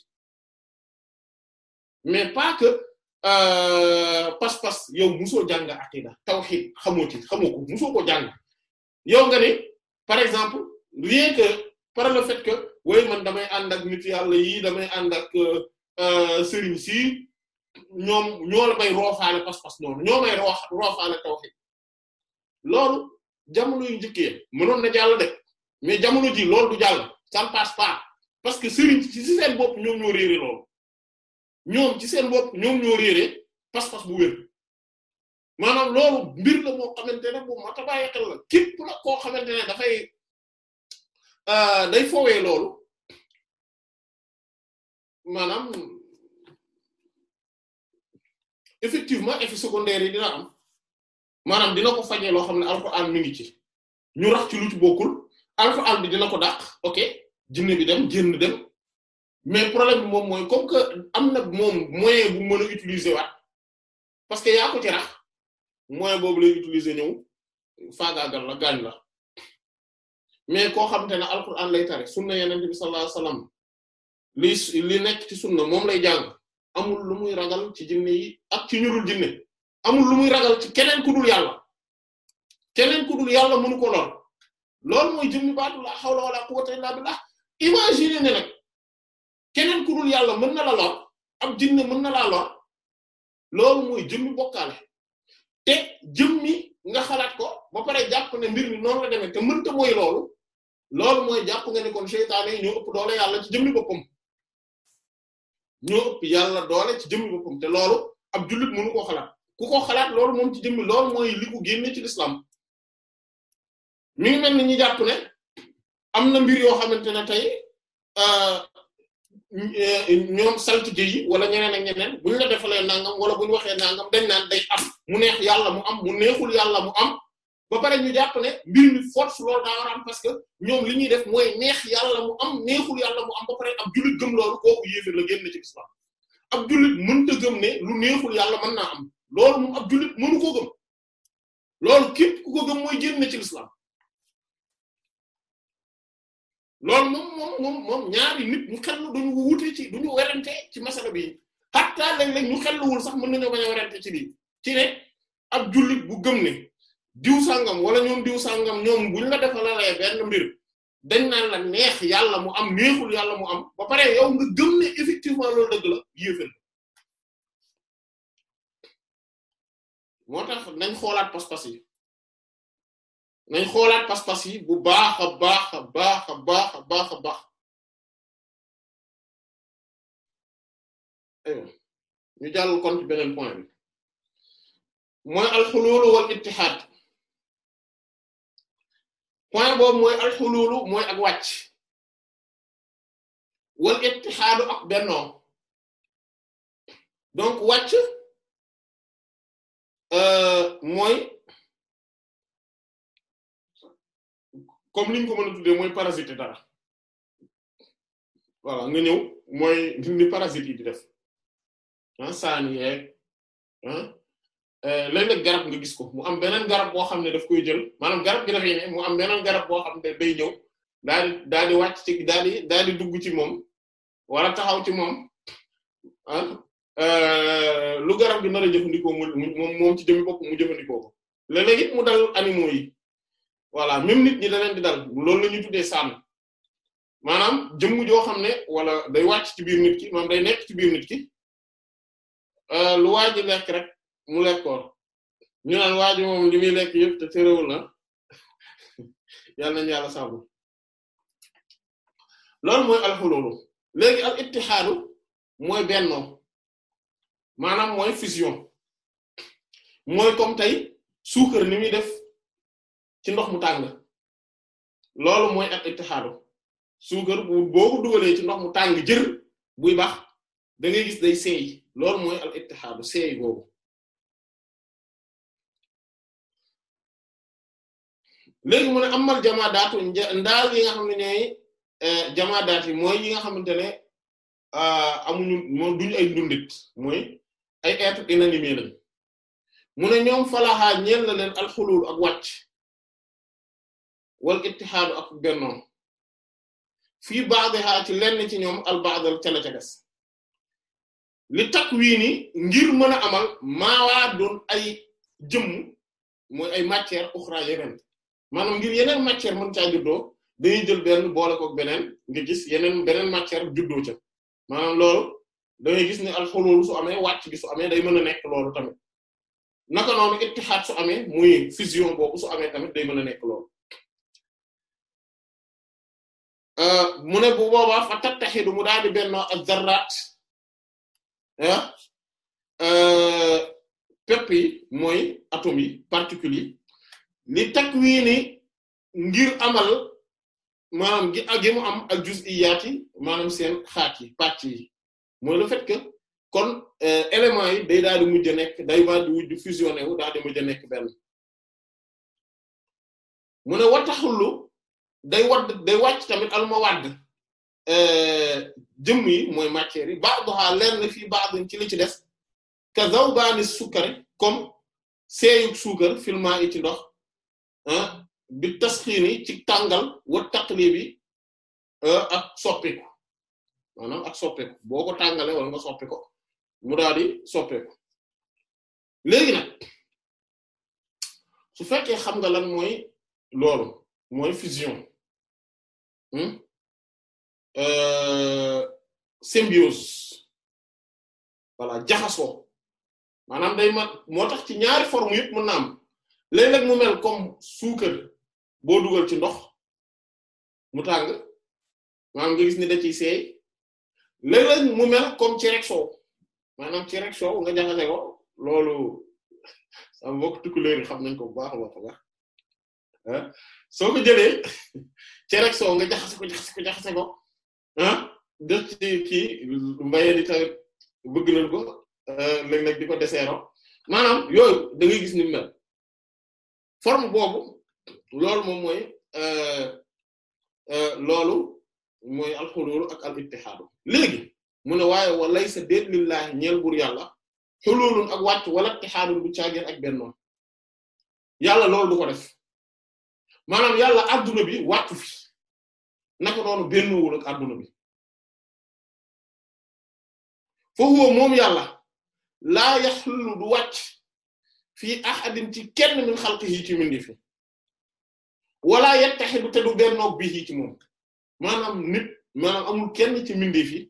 mais pas que euh, pas-pas yow musoo jàng aqida tawhid xamoo ci xamoo ko ko jàng yow nga ne par exemple rien que par le fait que way man damay ànd ak nit yàlla yii damay ànd ak euh, sëriñ si ñoom ñoo la may roofaale pas-pas noonu ñoo may roof roofaale tawhid loolu jamono yu njëkkee mënoon na jàll mais jamono ji loolu du jàll ça ne passe parce que sëriñ ci seen bopp ñoom ñoo réere loolu ñoom ci seen bopp ñoom ñoo réere pas-pas bu wér maanaam loolu mbir la moo xamante ne bu mat a bàyyi xel la képp koo xamante ne dafay Euh, day foowee loolu maanaam effectivement effet secondaire yi dina am maanaam dina ko fañee loo xam ne alxuraan mi ngi ci ñu rax ci lu ci bokkul alxuraan bi dina ko dàq ok jinne bi dem génn dem mais problème bi moom mooy comme que am na moom moyen bu mën a utiliser waat parce que yaa ko ci rax moyen boobu lay utiliser ñëw faagaagal la gaañ la mais koo xamante ne alquran lay tare sunna yeneen bi sallallahu alayhi wasallam li li nekk ci sunna moom lay jàng amul lu muy ragal ci jinne yi ak ci ñu dul jinne amul lu muy ragal ci keneen ku dul yàlla keneen ku yàlla mënu ko lor loolu mooy jëmmi baatu la keneen ku yàlla mën na la lor ab jinne mën na laa lor loolu mooy jëmmi bokkaale te jëmmi nga xalaat ko ba pare jàpp ne mbir mi noonu la demee te mënta moy loolu loolu mooy jàpp nga ne kon seytaane yi ñoo ëpp doole yàlla ci jëmmi boppam ñoo ëpp yàlla doole ci jëmmi boppam te loolu ab jullit mënu ko xalaat ku ko xalaat loolu moom ci jëmmi loolu mooy li ko ci lislaam mi ngi mel ni ñu jàpp ne am na mbir yoo xamante ne tey euh, ñoom saltige yi wala ñeneen ak ñeneen buñ la defalee nangam wala buñ waxee nangam dañ naan day am mu neex yàlla mu am mu neexul yàlla mu am ba pare ñu jàpp ne mbir mi force loolu daa war a parce que ñoom li ñuy def mooy neex yàlla mu am neexul yàlla mu am ba pare ab julit gëm loolu kooku la génn ci islam ab jullit mënta gëm ne mën naa am loolu moom ab jullit mënu ko gëm loolu képp ku ko gëm mooy génn ci islam loolu moom moom moom ñaari nit ñu xellu duñu wute ci duñu werante ci masala bi hatta léeg-léeg ñu xelluwul sax mën nañu bañ a werante ci bi ci ne ab jullit bu gëm ne diw sangam wala ñoom diw sangam ñoom buñ la defalalee benn mbir dañ naan la neex yàlla mu am neexul yàlla mu am ba pare yow nga gëm ne effectivement loolu dëgg la yéefal moo tax nañ xoolaat pas yi nañ xoolaat pas yi bu baax a baax a baax a baax a baax a baax ñu jàll kon ci beneen point bi mooy alxuluul wal ittihaad point boobu mooy alxuluulu mooy ak wàcc wal ittixaadu ak bennoo donc wàcc euh, mooy comme liñ ko mën a tuddee mooy parasite dara voilà nga ñëw mooy ni parasite yi di def ah saani yeeg leneen euh, léeg garab nga gis ko mu am beneen garab boo xam ne daf koy jël maanaam garab gi dafay mu am beneen garab boo xam ne day ñëw daal di daal di daal di daal dugg ci moom wala taxaw ci moom ah, euh, lu garab gi nar a jëfandikoo mu moom ci jëmi bopp mu jëfandikoo ko léeg-léeg mu dal animaux yi voilà même nit ñi da leen di dal loolu lañu ñuy tuddee sànn maanaam jëmm joo xam ne wala day wàcc ci biir nit ki maanaam day nekk ci biir nit ki euh, lu waaj lekk rek. mu lekkoor ñu naan waa moom li muy lekk yëpp te terewul na yàlla nañu yàlla sàmm loolu mooy alxuloolu léegi al ittixaadu mooy bennoo maanaam mooy fusion mooy comme tey suukar ni muy def ci ndox mu tàng loolu mooy al ittixaadu suukar bu dugalee ci ndox mu tàng jër buy baax da gis day seey loolu mooy al ittixaadu seey boobu. léegi mu ne amal jamaa daatu ndaal yi nga xam ne ñooy eh, jamaa daat yi mooy yi nga xamante ne ah, amuñu moom duñu ay dundit mooy ay être inanimé lañ mu ñoom falaxaa ñeel na leen alxulul ak wàcc wal ittihaadu ak bennoon fii ba'daha ci lenn ci ñoom al ba'dal ca la ca des li takwini ngir mën a amal maawaadun ay jëmm mooy ay matière uxra yeneen maanaam ngir yeneen matier mën caa juddoo dañuy jël benn boole kook beneen nga gis yeneen beneen matière juddoo ca maanaam loolu da gis ne alxuloolu su amee wàcc gi su amee day mën a nekk loolu tamit naka noonu ittihad su amee muy fusion boobu su amee tamit day mën a nekk loolu euh, mu ne bu boobaa fa tattaxidu mu daal di bennoo ak zarraat ah euh, pépp yi mooy atomes yi li ni ngir amal maam gi ak mu am ak juz'iyaat yi maanaam seen xaat yi pàcc yi mooy le fait que kon euh, éléments yi day daal di mujj a nekk day daal di mujj fusionné wu daal di mujj a nekk benn mu ne wataxullu day wadd day wàcc tamit al mawadd euh, jëmm yi mooy matière yi ba'daha lenn fii ba'dun ci li ci des ka zawbani sukkar comme seeyug suukar filma yi ci ndox bi tasxiini ci tàngal wa taqlibi euh, ak soppeeku maanaam ak soppeeku boo ko tàngalee wala nga soppi mu daal di léegi nag su fekkee xam nga lan mooy loolu mooy fusion hmm? euh, symbiose voilà jaxasoo maanaam day ma moo tax ci ñaari forme yëpp mën na am léeg-léeg mu mel comme suukar boo dugal ci ndox mu tàng maanaam nga gis ni da ciy seey léeg-léeg mu mel comme cereeg soow maanaam cereeg soow nga jaxase ko loolu [LAUGHS] sama mbokk tukkuleer xam nañ ko bu baax a baax ah. soo ko jëlee [LAUGHS] cereeg soow nga jaxase ko jaxase ko jaxase ko ah, ci kii mbayee di tamit bëgg nañ ko ah, di ko deseero maanaam yooyu da gis ni mu mel. forme boobu lool moom mooy euh, euh, loolu mooy alxulul ak al ittihaadu léegi mu ne waaye walay sa déet lillaahi ñeel bur yàlla xululun ak wàcc wala ittihaadun bu caageen ak bennoon yàlla loolu du ko def maanaam yàlla adduna bi wàccu fi naka noonu bennoowul ak adduna bi fa huwa moom yàlla laa yaxlu du wàcc fii ahadin ci kenn min xalqihi ci mindi fi wala yattaxidu te du bennoog bihi ci moom maanaam nit maanaam amul kenn ci mindeef yi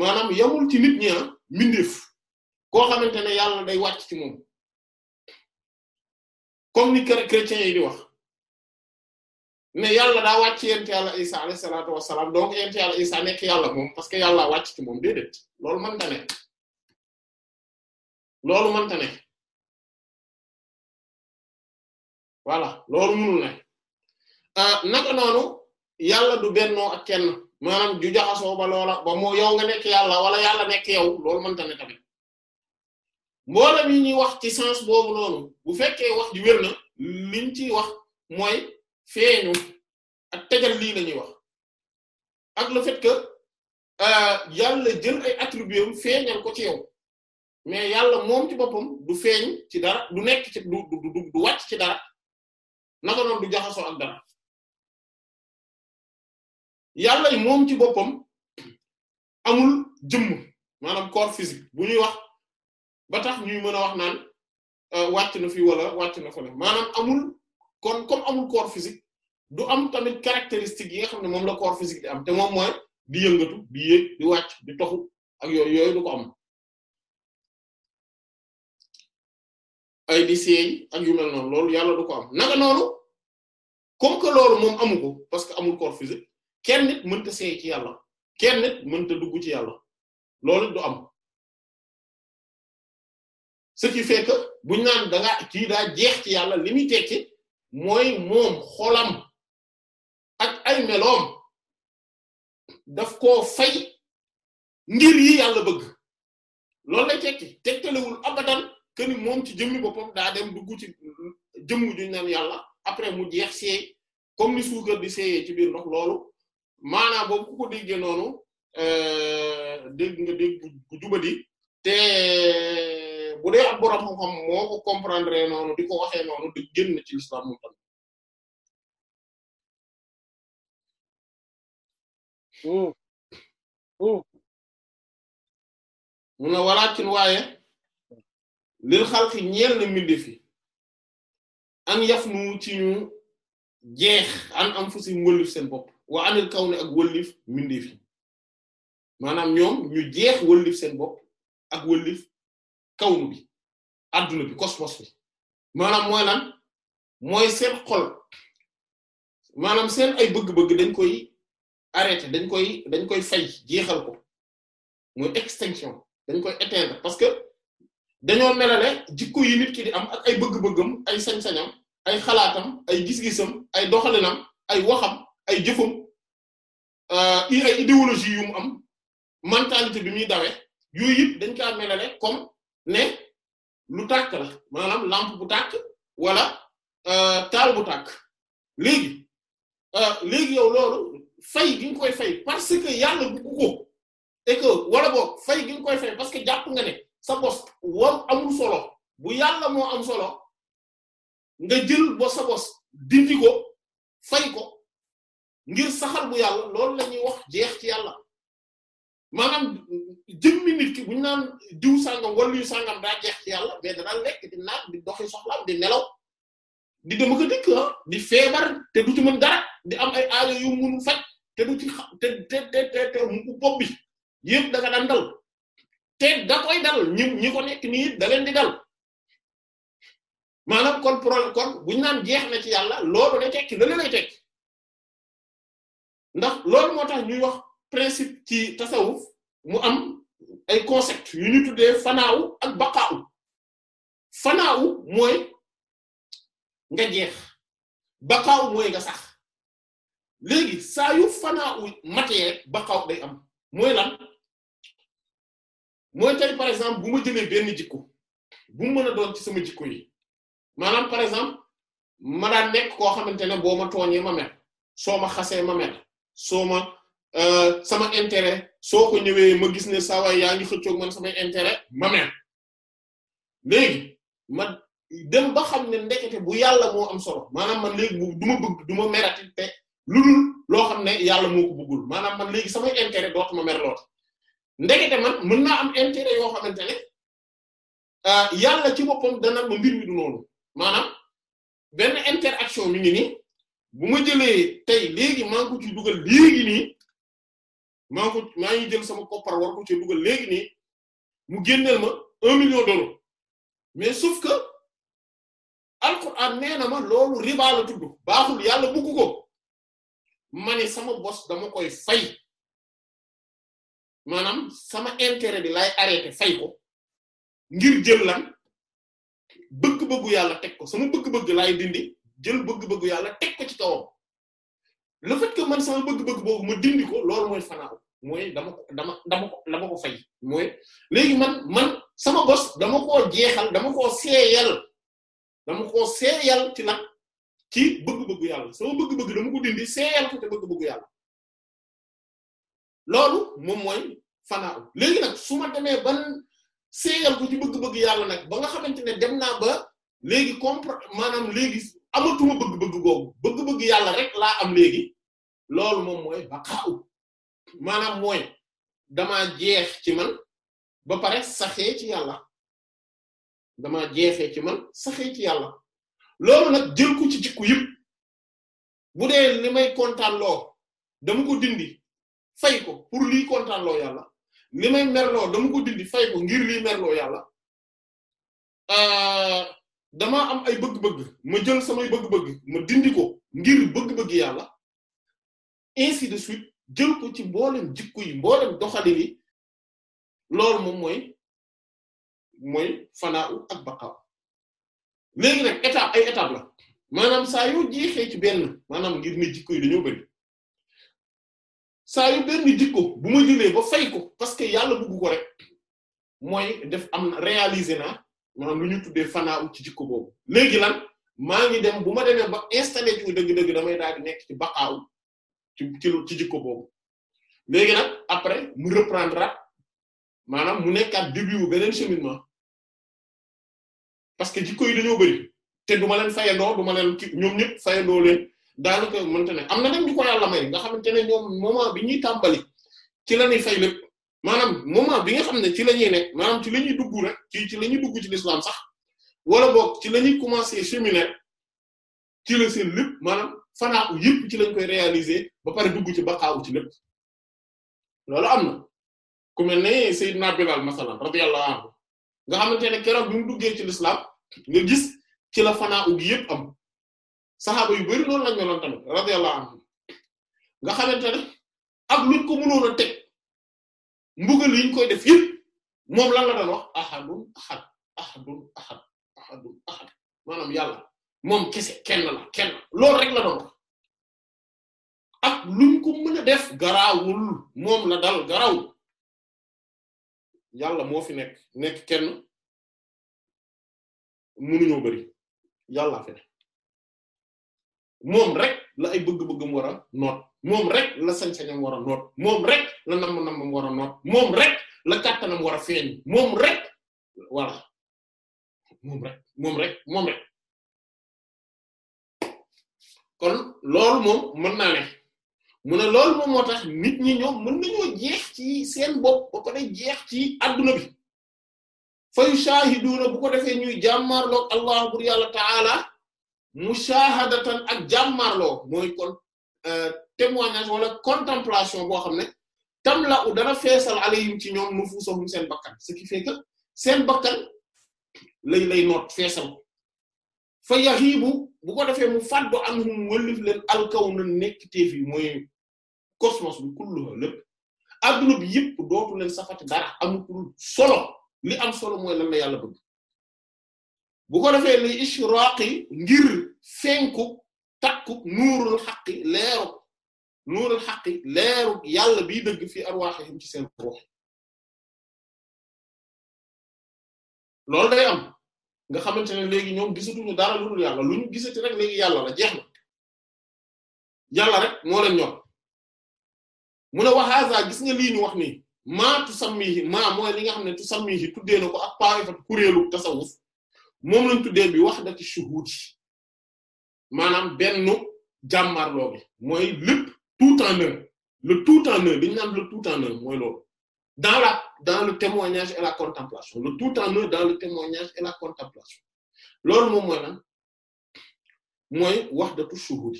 maanaam yamul ci nit ñi ah mindeef koo xamante ne yàlla day wàcc ci moom kom ni chrétiens yi di wax ne yàlla daa wàcc yent yàlla Isa alayhi salaatu wassalaam donc yent yàlla Isa nekk yàlla moom parce que yàlla wàcc ci moom déedéet loolu mënta loolu mënta voilà loolu na ne euh, naka noonu yàlla du bennoo ak kenn maanaam ju jaxasoo ba loola ba moo yow nga nekk yàlla wala yàlla nekk yow loolu mënta tamit mboolem yi ñuy wax ci sens boobu noonu bu fekkee wax ji wér na liñ ciy wax mooy feeñu ak tegal lii la ñuy wax ak le fait que euh, yàlla jël ay attributs feeñal ko ci yow mais yàlla moom ci boppam du feeñ ci dara du nekk ci du du du ci dara naka noonu du jaxasoo ak dara yàlla yi moom ci boppam amul jëmm maanaam corps bu ñuy wax ba tax ñuy mën a wax naan euh, wàcc na fi wala wàcc na fa la maanaam amul kon comme amul corps du am tamit caractéristiques yi nga xam ne moom la corps physique di am te moom mooy di yëngatu di yéeg di wàcc di toxu ak yooyu du ko am ay di seey ak yu mel noonu loolu yàlla du ko am naka noonu comme que loolu moom amu ko parce que amul corps physique kenn nit mënta seey ci yàlla kenn nit mënta dugg ci yàlla loolu du am ce qui fait que buñ naan da nga kii daa jeex ci yàlla li muy tekki mooy moom xolam ak ay meloom daf koo fay ngir yi yàlla bëgg loolu lay tekki tegtalewul abadan que ni moom ci jëmmi boppam daa dem dugg ci jëmm juñ naan yàlla après mu jeex seey comme ni suukar di seeyee ci biir ndox loolu maanaam boobu ku ko déggee noonu euh, dégg nga dégg bu jubadi te euh, bu dee ak borom xam-xam moo ko comprendre noonu di ko waxee noonu di génn ci l'islam moom tamit. mu ne walaakin waaye lil xalqi ñeel na mbindeef yi an yafnu ci ñu jeex an am fu si wëllif seen bopp wa anil kaw ne ak wëllif mbindeef maanaam ñoom ñu jeex wëllif seen bopp ak wëllif kawnu bi adduna bi cosmos bi maanaam mooy lan mooy seen xol maanaam seen ay bëgg-bëgg dañ koy arrêté dañ koy dañ koy say jeexal ko mooy extinction dañ koy éteindre parce dañoo melale jikko yi nit ki di am ak ay bëgg-bëggam ay sañ-sañam ay xalaatam ay gisgisam ay doxalinam ay waxam ay jëfam euh, i ay idéologie yu mu am mentalité bi muy dawee yooyu dañ kaa melale comme ne lu tàkk la maanaam lampe bu tàkk wala euh, taal bu tàkk léegi euh, léegi yow loolu fay gi nga koy fay parce que yàlla bëgg ko et wala boog fay gi nga koy fay parce que jàpp nga ne sa bos war solo bu yàlla moo am solo nga jël ba sabos bos dindi ko fay ko ngir saxal bu yàlla lool lañuy wax jeex ci yàlla maanaam jëmmi nit ki bu ñu naan diw sàngam wala yu sàngam daa jeex ci yàlla mais danaa lekk di naat di doxi soxlaam di nelaw di dem ko di feebar te du ci mën dara di am ay aajo yu mënu faj te du ci te te te te mu bopp bi yëpp da nga dal te da koy dal ñu ñi ko nekk nii da leen di dal maanaam kon problème kon buñu naan jeex na ci yàlla loolu lay tekki la lay ndax lool moo tax ñuy wax principe ci tasawuf mu am ay concept yu ñu tuddee fanaaw ak baqaaw fanaaw mooy nga jeex baqaaw mooy nga sax léegi saa yu fanaaw matee baqaaw day am mooy lan mooy tey par exemple bu ma jëlee benn jikko bu mu mën a doon ci sama jikko yi maanaam par exemple ma daan nekk koo xamante ne boo ma tooñee ma mer soo ma xasee ma mer soo ma euh, sama intérêt soo ko ñëwee ma gis ne saa yaa ngi xëccoog man samay intérêt ma mer léegi ma dem ba xam ne ndekete bu yàlla moo am solo maanaam man léegi bu du ma du ma merati te lu dul loo xam ne yàlla moo ko bëggul maanaam man léegi sama samay intérêt dootuma mer lool ndegete man mën na am intérêt yoo xamante ne ah, yàlla ci boppam dana ma mbir mi du noonu maanaam benn interaction mi ngi nii bu ma jëlee tey léegi maa ngi ci dugal léegi ni maa ngi ko maa ngi jël sama koppar war ko ci dugal léegi nii mu génneel ma un million d'euros mais sauf que alxuraan nee na ma loolu riba la tudd baaxul yàlla bugg ko ma sama bos dama koy fay maanaam sama intérêt bi lay arrêté fay ko ngir jël lan bëgg-bëggu yàlla teg ko sama bëgg-bëgg laay dindi jël bëgg-bëggu yàlla teg ko ci kawam le fait que man sama bëgg-bëgg boobu ma dindi ko loolu mooy fanaaw mooy dama ko dama dama ko ko fay mooy léegi man man sama bos dama koo jeexal dama koo seeyal dama koo seeyal ci nag ci bëgg-bëggu yàlla sama bëgg-bëgg dama ko dindi seeyal ko te bëgg bëgg yàlla loolu moom mooy fanaaw léegi nag su ma demee ban seeyal ko ci bëgg-bëgg yàlla nag ba nga xamante ne dem naa ba léegi compre maanaam léegi amatuma bëgg-bëgg googu rek laa am léegi loolu moom mooy baqaaw maanaam mooy damaa jeex ci man ba pare saxee ci yàlla dama jeexee ci man saxee ci yàlla loolu nag jël ko ci jikko yëpp bu dee li may kontaan loo dama ko dindi fay ko pour lii kontaanloo yàlla li may merloo dama ko dindi fay ko ngir lii merloo yàlla a euh, dama am ay bëgg-bëgg ma jël samay bëg bëgg ma dindi ko ngir bëgg-bëgg yàlla ainsi de suite jël ko ci mboolem jikko yi mboolem doxalin yi loolu moom mooy mooy fanaaw ak baqaaw léegi nag étape ay étape la maanaam saa yoo jeexee ci benn maanaam ngir ne jikko yi dañoo bari saa yu benn jikko bu ma jëlee ba fay ko parce que yàlla bëgg ko rek mooy def am na réaliser na maanaam lu ñu tuddee fanaaw ci jikko boobu léegi lan maa ngi dem bu ma demee ba installé ci dëgg-dëgg damay daal di nekk ci baqaaw ci ci ci jikko boobu léegi nag après mu reprendre maanaam mu nekkaat début wu beneen cheminement parce que jikko yi dañoo bari te du ma leen fayandoo du ma leen ñoom ñëpp fayandoo leen. daal daanaka mënta ne am na nag ñu ko yàlla may nga xamante ne ñoom moment bi ñuy tàmbali ci la ñuy fay lépp maanaam moment bi nga xam ne ci la ñuy nekk maanaam ci la ñuy dugg rek ci ci la ñuy dugg ci l'islam sax wala boog ci la ñuy commencer cheminer ci la lépp maanaam fanaa u yëpp ci lañ koy réaliser ba pare dugg ci baqaawu ci lépp loolu am na ku mel ne Seydina Bilal masalan radiyallahu anhu nga xamante ne keroog bi mu duggee ci l'islam nga gis ci la fanaa yëpp saxaaba yu bari noonu lañ meloon tamit radiyallahu nga xamante ne ak luñ ko mënoon a teg mbugal yi koy def yëpp moom la la kenn ak luñ ko mën a def garaawul moom la dal garawul yàlla moo fi nekk nekk kenn mënuñoo bari yàlla fi moom rek la ay bëgg-bëggam wara a noot moom rek la sañ-sañam war a noot moom rek la namm-nammam war a noot moom la kàttanam war a feeñ moom rek voilà moom rek moom rek kon loolu moom mën naa ne mu ne lool moom moo tax nit ñi ñoom mën nañoo jeex ci seen bopp boo ko pare jeex ci adduna bi fayu shaahiduuna bu ko defee ñuy jàmmaarloog allah bur yàlla ta'ala mushahadatan ak jàmmarloo mooy kon euh, témoignage wala contemplation boo xam ne tam la u dana feesal alayhim ci ñoom nufusahum seen bakkan ce qui fait que seen bakkan lay lay noot feesal ko fa yaxiibu bu defee mu faddu anhum wëllif leen alkaw na nekk téef yi mooy cosmos bi kulluha lépp adduna bi yëpp dootu leen safati dara amutul solo li am solo mooy lan la yàlla bëgg bu ko defee li ishraqi ngir senku takku nuurul xaqi leeru nuurul xaqi leerug yàlla biy dëgg fi arwaxihim ci seen ruux loolu day am nga xamante ne léegi ñoom gisatuñu daal lu dul yàlla lu ñu gisati rek léegi yàlla la jeex na yàlla rek moo leen ñor mu ne waxaasaa gis nga lii ñu wax nii maa tusammihi maa mooy li nga xam ne tusammihi tuddee na ko ak paawifat kuréelu tasawuf moom lañ tuddee bi wax dati shuhud maanaam benn jàmmarloo bi mooy lépp tout en un le tout naan le tout en un mooy loolu dans la dans le témoignage et la contemplation le tout dans le témoignage et la contemplation loolu moom mooy lan mooy wahdatu shuhud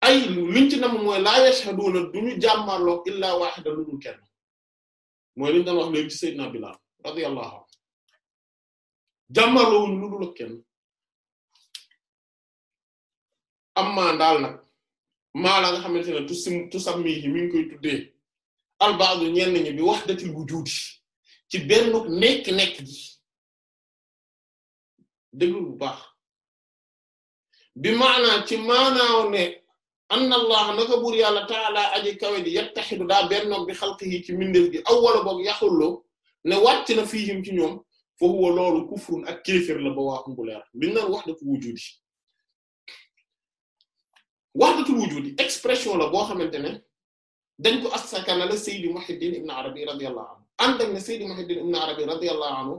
ay liñ ci nam mooy laa yashhaduna duñu jàmmarloo illaa wahida lu dul kenn mooy liñ doon wax léegi ci Seydina Bilal radiyallahu jàmmarloo wuñ lu kenn amma daal nag maa la nga xamante tu sim tu sammi yi koy tuddee albaadu ñenn ñi bi wahdatil wujuud ci benn nekk-nekk gi déglu bu baax bi maanaa ci maanaaw ne anna allah naka buur yàlla taala aji kawe ji yattaxidu daa bennoog bi xalqihi ci mbindeef gi awwala boog yaxulloo ne wàcc na fiihim ci ñoom foo huwa loolu kufrun ak kéefër la ba waaxum bu leer li ñu naan wahdatul wujudi wahdatul wujudi expression la boo xamante ne dañ ko askanale Seydi Muhiddin Ibn Arabi radiyallahu anhu ànd ak ne Seydi Muhiddin Ibn Arabi radiyallahu anhu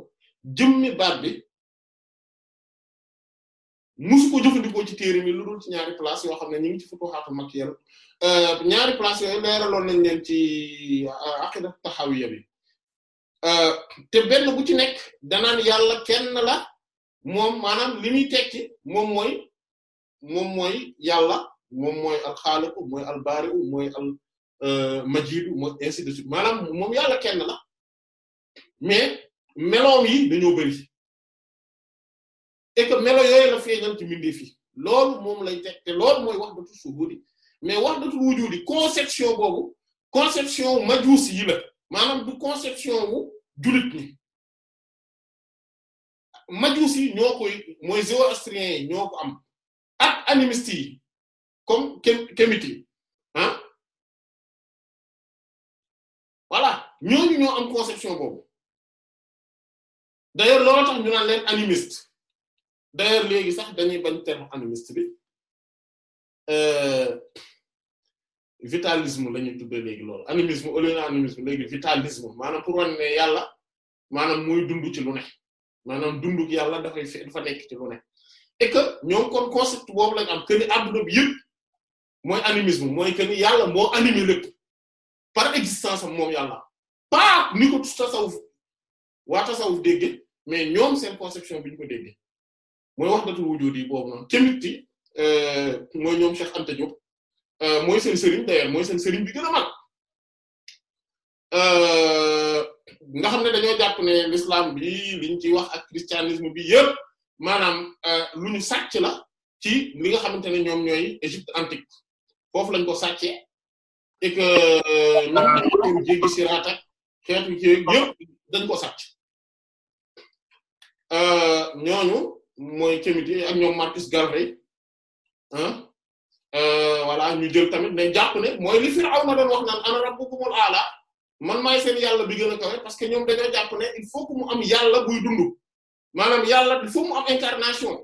jëmmi baat bi musu ko jëfandikoo ci téere mi lu dul ci ñaari place yoo xam ne ñu ngi ci futuhaatul makkiyya ñaari place yooyu leeraloon nañ leen ci aqida tahawiyya bi Euh, te benn bu ci nekk danaan yàlla kenn la moom maanaam li muy tekki moom mooy moom mooy yàlla moom mooy alxaaliqu mooy albaari'u mooy al euh, majidu mooy ainsi de suite maanaam moom yàlla kenn la mais meloom yi dañoo bari et que melo yooyu la feeñal ci mbindeef yi loolu moom lay teg te loolu mooy wahdatul suhudi mais wahdatul wujudi conception boobu conception majuus yi la maanaam du conception wu jullit ñi majuus ñoo koy mooy zoroastriens yi ñoo ko am ak kom yi comme kémite yi ah voilà ñooñu ñoo am conception boobu d'ailleurs loolu tax ñu naan leen animist d'ailleurs léegi sax dañuy bañ terme animiste bi euh vitalisme la ñuy tuddee léegi loolu animisme au lieu animisme léegi vitalisme maanaam pour wane ne yàlla maanaam muy dund ci lu ne maanaam dunduk yàlla dafay fi dafa nekk ci lu ne et que ñoom kon concept boobu lañ am que ni bi yëpp mooy animisme mooy que ni yàlla moo animé lépp par existence am moom yàlla pas ni ko tasawuf waa tasawuf dégg mais ñoom seen conception bi ñu ko déggee mooy wax datu wujudi boobu noonu tamit euh, mooy ñoom Cheikh Anta Diop. Euh, mooy seen sëriñ d'ailleurs mooy seen sëriñ bi euh, xam ne dañoo jàpp ne l'islam bi ci wax ak christianisme bi yëpp maanaam euh, lu ñu la ci li nga xamante ne ñoom ñooy Égypte lañ ko sàccee et que ñoom dañoo dañ ko sàcc ñooñu mooy comité ak ñoom Marcus Garvey ah. Euh, voilà ñu jël tamit ne jàpp ne mooy li Firawna doon wax naan ana rabbukumul aala man maay seen yàlla bi gën a kawe parce que ñoom dañoo jàpp ne il faut que mu am yàlla guy dund maanaam yàlla il faut mu am incarnation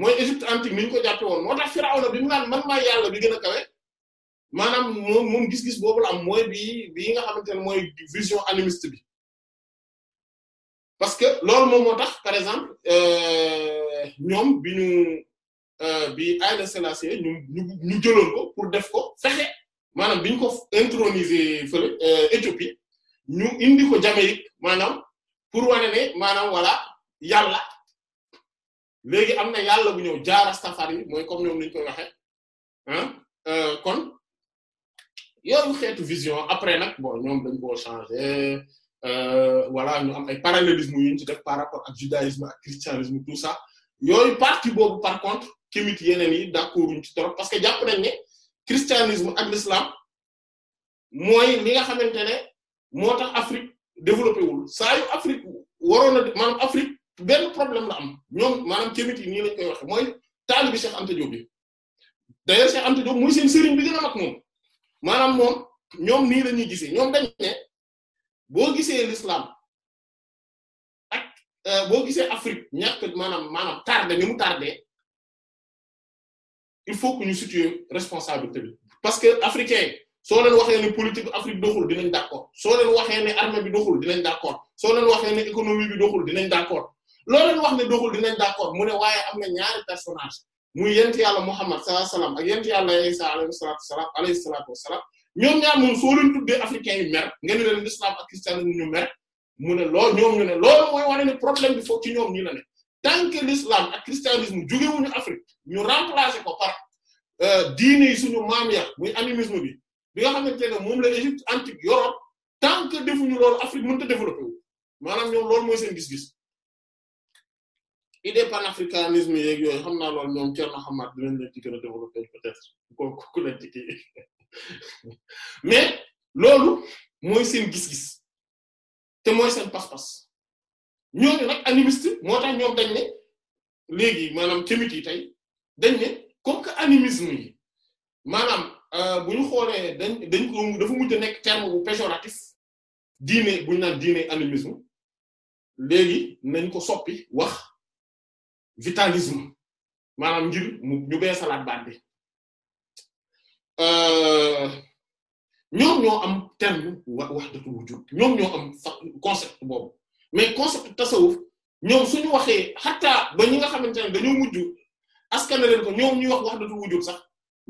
mooy Égypte antique ni ko jàppe woon moo tax Firawna bi mu naan man maay yàlla bi gën a kawe maanaam moom moom gis-gis boobu la am mooy bi bii nga xamante ne mooy vision animiste bi parce que loolu moom moo tax par exemple euh, ñoom bi Euh, bi Haïlé Sélassié ñu ñu ñu jëloon ko pour def ko fexe maanaam biñ ñu ko introniser fële euh, Éthiopie ñu indi ko Jamaïque maanaam pour wane ne maanaam voilà yàlla léegi am na yàlla bu jaar jaara safari mooy comme ñoom lañu koy waxee ah euh, kon yooyu xeetu vision après nag bon ñoom dañ koo changer voilà ñu am ay parallélisme yu ñu def par rapport ak judaïsme ak christianisme tout ça yooyu partie boobu par contre. kémit yeneen yi d'accorduñ ci trop parce que jàpp nañ ne christianisme ak l'islam mooy li nga xamante ne moo tax Afrique développé wul saa yu Afrique waroon na maanaam Afrique benn problème la am ñoom maanaam kémit yi nii lañ koy waxe mooy taalibi Cheikh Anta Diop bi d'ailleurs Cheikh Anta Diop muy seen sëriñ bi gën a mag moom maanaam moom ñoom nii la gisee ñoom dañ ne boo gisee l'islam ak euh, boo gisee Afrique ñàkk maanaam maanaam tardé ni mu tardé il faut que ñu situer responsabilité bi parce que africain soo leen waxee ne politique Afrique doxul dinañ d'accord soo leen waxee ne armée bi doxul dinañ d'accord soo leen waxee ne économie bi doxul dinañ d'accord loo leen wax ne doxul dinañ d'accord mu ne waaye am na ñaari personage muy yent yàlla Muhammad sallallahu alayhi wasallam ak yent yàlla Isa alayhi salaatu wassalaam alayhi salaatu wassalaam ñoom ñaar moom africain yi mer nga ne leen ñu mer mu ne loolu ñoom ñu ne loolu mooy wane ne problème bi foofu ci ñoom ñi la ne tant que l'islam ak christianisme jógewuñu Afrique ñu remplacer ko par euh, diine suñu maam ya muy animisme bi bi nga xamante ne moom la Égypte antique Europe tant que defuñu loolu Afrique mënut a développer wu maanaam ñoom loolu mooy seen gis-gis idée panafricanisme yeeg yooyu xam naa loolu ñoom Thierno Hamad dinañ leen ci gën a développer peut [LAUGHS] mais loolu mooy seen gis-gis te mooy seen pas-pas. ñooñu nag animiste moo tax ñoom dañ ne léegi maanaam kémit yi tey dañ ne comme que animisme yi maanaam euh, bu ñu xoolee dañ dañ ko dafa mujj nekk terme bu péjoratif diine bu ñu naan diine animisme léegi nañ ko soppi wax vitalisme maanaam ngir mu ñu beesalaat baat bi euh, ñoom ñoo am terme wax wax dafa wujud ñoom ñoo am concept boobu mais concept tasawuf ñoom suñu waxee xataa ba ñi nga xamante ne dañoo mujj askan leen ko ñoom ñuy wax wahdatu wujud sax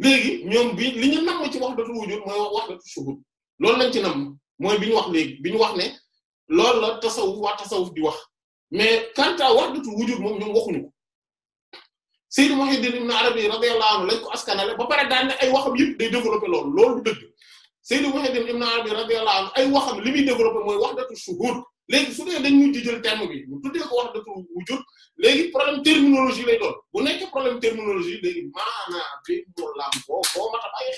léegi ñoom bi li ñu namm ci wahdatu wujud mooy wahdatu shuhud loolu lañ ci namm mooy bi ñu wax léegi bi ñu wax ne loolu la tasawuf waa tasawuf di wax mais quant à wahdatu wujud moom ñoom waxuñu ko Sayyid Muhyiddin Ibn Arabi radiyallahu anhu lañ ko askanale ba pare daan ne ay waxam yëpp day développer loolu loolu du dëgg Sayyid Muhyiddin Ibn Arabi radiyallahu anhu ay waxam li muy développer mooy wahdatu léegi su dee dañ mujj jël léegi problème terminologie lay doon bu nekk problème terminologie léegi maanaa bi mu làmboo boo mat a bàyyi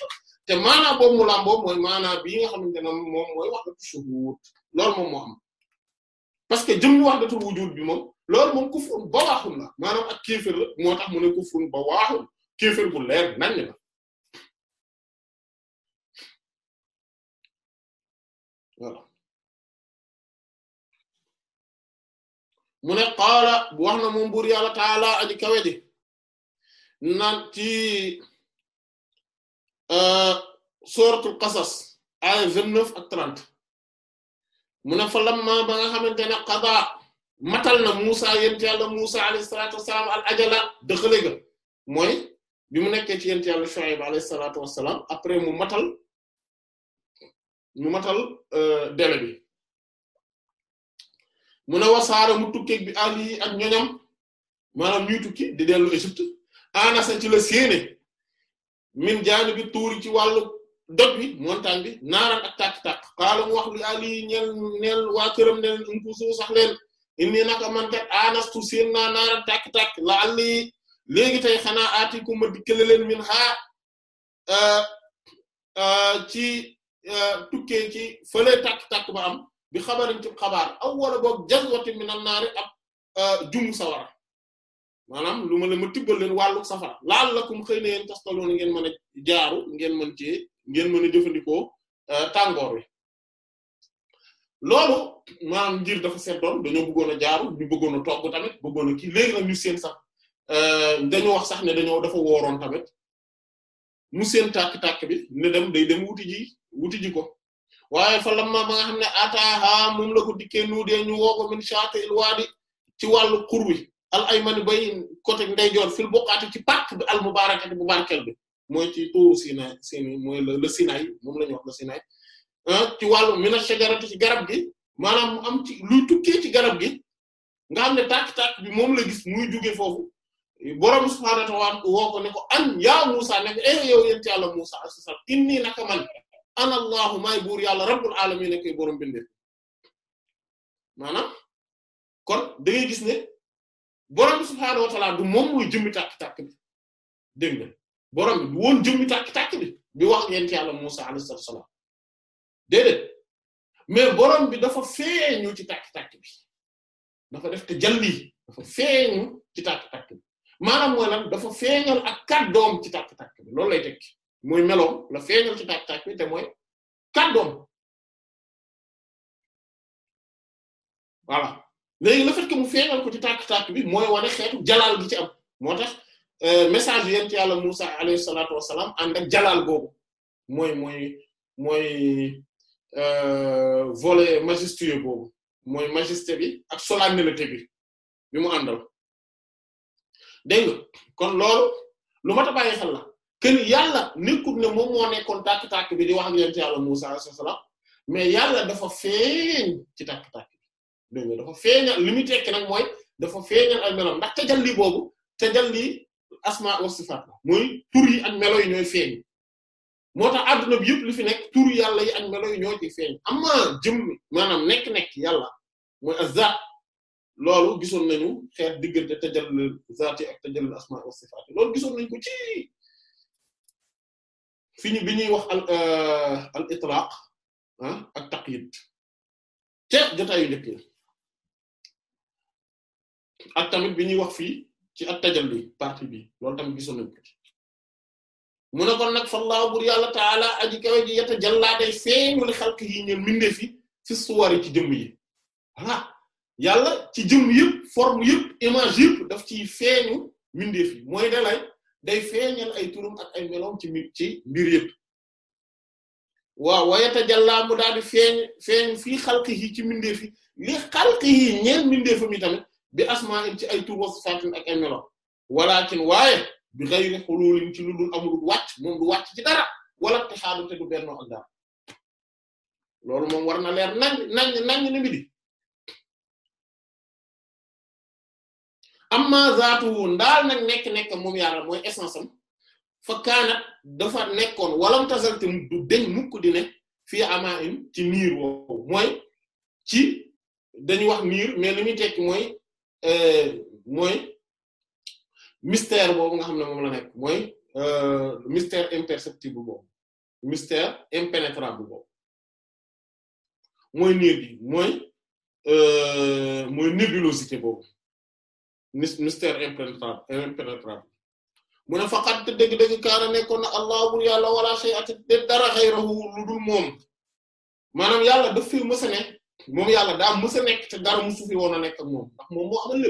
te maanaa boobu mu làmboo mooy maanaa bii nga xamante ne moom mooy wax dëgg suhuut loolu moom moo am parce que jëm ñu wax wujur bi moom loolu moom kufrun ba waaxul la maanaam ak kéefër moo tax mu ne kufrun ba waaxul kéefër bu leer naññ la voilà mu ne qaala bu wax na mu buur yàlla taala aji kawe ji naan ci euh, suratul qasas aya vingt-neuf ak trente mu ne fa lamma ba nga xamante ne qada matal na Musa yent yàlla Musa alayhi salaatu wassalaam al ajala dëxale mooy bi mu nekkee ci yent yàlla Shuayb alayhi a wassalaam après mu matal mu matal euh, délai bi mu ne wasaara mu tukkeeg bi àll yi ak ñoñam maanaam ñuy tukki di dellu Égypte anasa ci la séene min jaani bi tuuri ci wàllu doj bi montagne bi naaraan ak tàkk-tàkk mu wax li àll yi ñeel neel waa ne leen umpusu sax leen inni naka man kat anastu séen naa naaraan tàkk-tàkk la àll léegi tey xanaa aati ku ma dikkale leen min xaar euh, euh, ci euh, tukkee ci fële tàkk-tàkk ba am bi xabarin ci xabaar aw wala boog mi minan naari ab euh, jumu sawara maanaam lu ma la ma tibbal leen wàllu safara laal la kum xëy na yéen tastaloon ngeen mën a jaaru ngeen mën ci ngeen mën a jëfandikoo euh, tàngoor wi loolu maanaam ngir dafa seddoon dañoo bëggoon a jaaru ñu bëggoon a togg tamit bëggoon a kii léegi nag ñu seen sax euh, dañoo wax sax ne dañoo dafa woroon tamit mu seen tàkk-tàkk bi ne dem day dem wuti ji wuti ji ko waaye fa lamma ba nga xam ne ataaha moom la ko dikkee nuudee ñu woo ko min shaatil waadi ci wàllu xur wi al aymani bay côté ndeyjoor fil boqaati ci pàcc bi al mubaarakati bu barkeel bi mooy ci tuuru Sinaay Sinaay mooy le Sinaay moom la ñu wax le Sinaay ah, ci wàllu mina shajarati ci garab gi maanaam am ci luy tukkee ci garab gi nga xam ne tàkk-tàkk bi moom la gis muy jóge foofu borom subhaanahu wa ta'aala woo ko an yaa Muusaa ne ko eh yow yéen ci yàlla Muusaa as-salaam inni naka man. ana allahu maay buur yàlla rabbul alamin ak borom bindee maanaam kon da gis ne borom bi subhaanahu wa du moom mooy jëmmi tàkk-tàkk bi dégg nga borom bi du woon jëmmi tàkk-tàkk bi bi wax yent yàlla Musaa bi dafa feeñu ci tàkk-tàkk bi dafa def te jalli dafa feeñu ci tàkk-tàkk bi maanaam mooy lan dafa feeñal ak kàddoom ci tàkk takk bi loolu lay tekki mooy meloom la feeñal ci taak taak bi te mooy kàddoom voilà léegi le fait que mu feeñal ko ci taak taak bi mooy wane xeetu jalaal gi ci am moo tax euh, message yent yàlla Musa alayhi salaatu wassalaam ànd ak jalaal boobu mooy mooy mooy euh, volet majestueux boobu mooy majesté bi ak solennité bi bi mu àndal dégg kon loolu lu mat xel la. ken yàlla nekkul ne moom moo nekkoon tàkk-tàkk bi di wax ak yonent yàlla Musaa alayhi salaam mais yàlla dafa feeñ ci tàkk-tàkk bi dégg nga dafa feeñal li muy tekki nag mooy dafa feeñal ay meloom ndax tajalli boobu tajalli asmaa wa sifaat la mooy tur yi ak melo yi ñooy feeñ moo tax adduna bi yëpp li fi nekk tur yàlla yi ak melo yi ñoo ci feeñ ama jëmmi maanaam nekk-nekk yàlla mooy azat loolu gisoon nañu xeet diggante tajallul zaati ak tajallul asmaa wa sifaat loolu gisoon nañ ko ci fi ñu bi ñuy wax al euh, al itlaq ah ak taqyid jotaayu njëkk yi tamit bi ñuy wax fii ci at tajalli partie bi loolu tamit gisoon nañ ko ci kon nag fa laaw yàlla taala aji kawe ji yata jallaa feeñu li xalk yi ñeen mindee fi fi suwari ci jëmm yi voilà yàlla ci jëmm yëpp forme yëpp image yëpp daf ci feeñu mindee fi mooy ne day feeñal ay turum ak ay meloom ci ci mbir yëpp waaw wayata jàllaa mu daal feeñ feeñ fii ci mbindeef yi li xalqi yi ñeel tamit bi asmaa ci ay tur wa sifaatin ak ay meloom walakin waaye bi xayri xuluulin ci lu dul amul wàcc moom du wàcc ci dara wala te xaalu te du bennoo ak dara loolu moom war na leer nañ nañ nañ ni bi di am zaatuhu ndaal nag nekk nekk moom yàlla mooy essence am fa kaanat dafa nekkoon walam tasal te du deñ mukk di ne fii amaa in ci niir woowu mooy ci dañu wax niir mais li muy tekki mooy euh, mooy mystère boobu nga xam ne moom la nekk mooy euh, mystère imperceptible boobu mystère impénétrable boobu mooy niir bi mooy euh, mooy nébulosité boobu mystère impénétrable impénétrable mu ne faqat dëgg-dëgg kaana nekkoon na allah bul yàlla wala shay at de dara xayrahu lu dul moom maanaam yàlla daf fi mës nekk moom yàlla da mës a nekk te fi woon a nekk ak moom ndax moom moo amal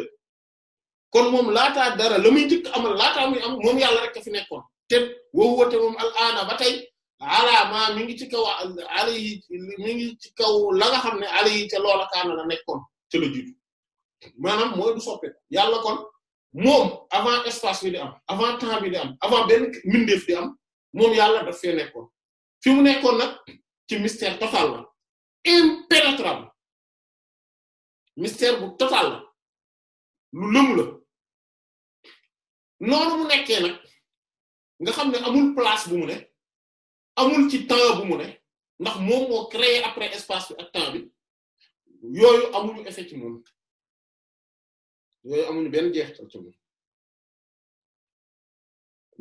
kon moom laataa dara la muy jëkk amal laataa muy am moom yàlla rek fi nekkoon te woowu woote moom al aana ba tey alaama mi ngi ci kaw ala yi mi ngi ci kaw la nga xam ne ala yi ca loola kaana la nekkoon ca la jiitu maanaam mooy du soppeeku yàlla kon moom avant espace bi di am avant temps bi di am avant benn mindeef di am moom yàlla daf fee nekkoon fi mu nekkoon nag ci mystère total la impénétrable mystère bu total la lu lëmu la noonu mu nekkee nag nga xam ne amul place bu mu ne amul ci temps bu mu ne ndax moom moo créé après espace bi ak temps bi yooyu amuñu effet ci moom yooyu amuñu benn jeexital ci moom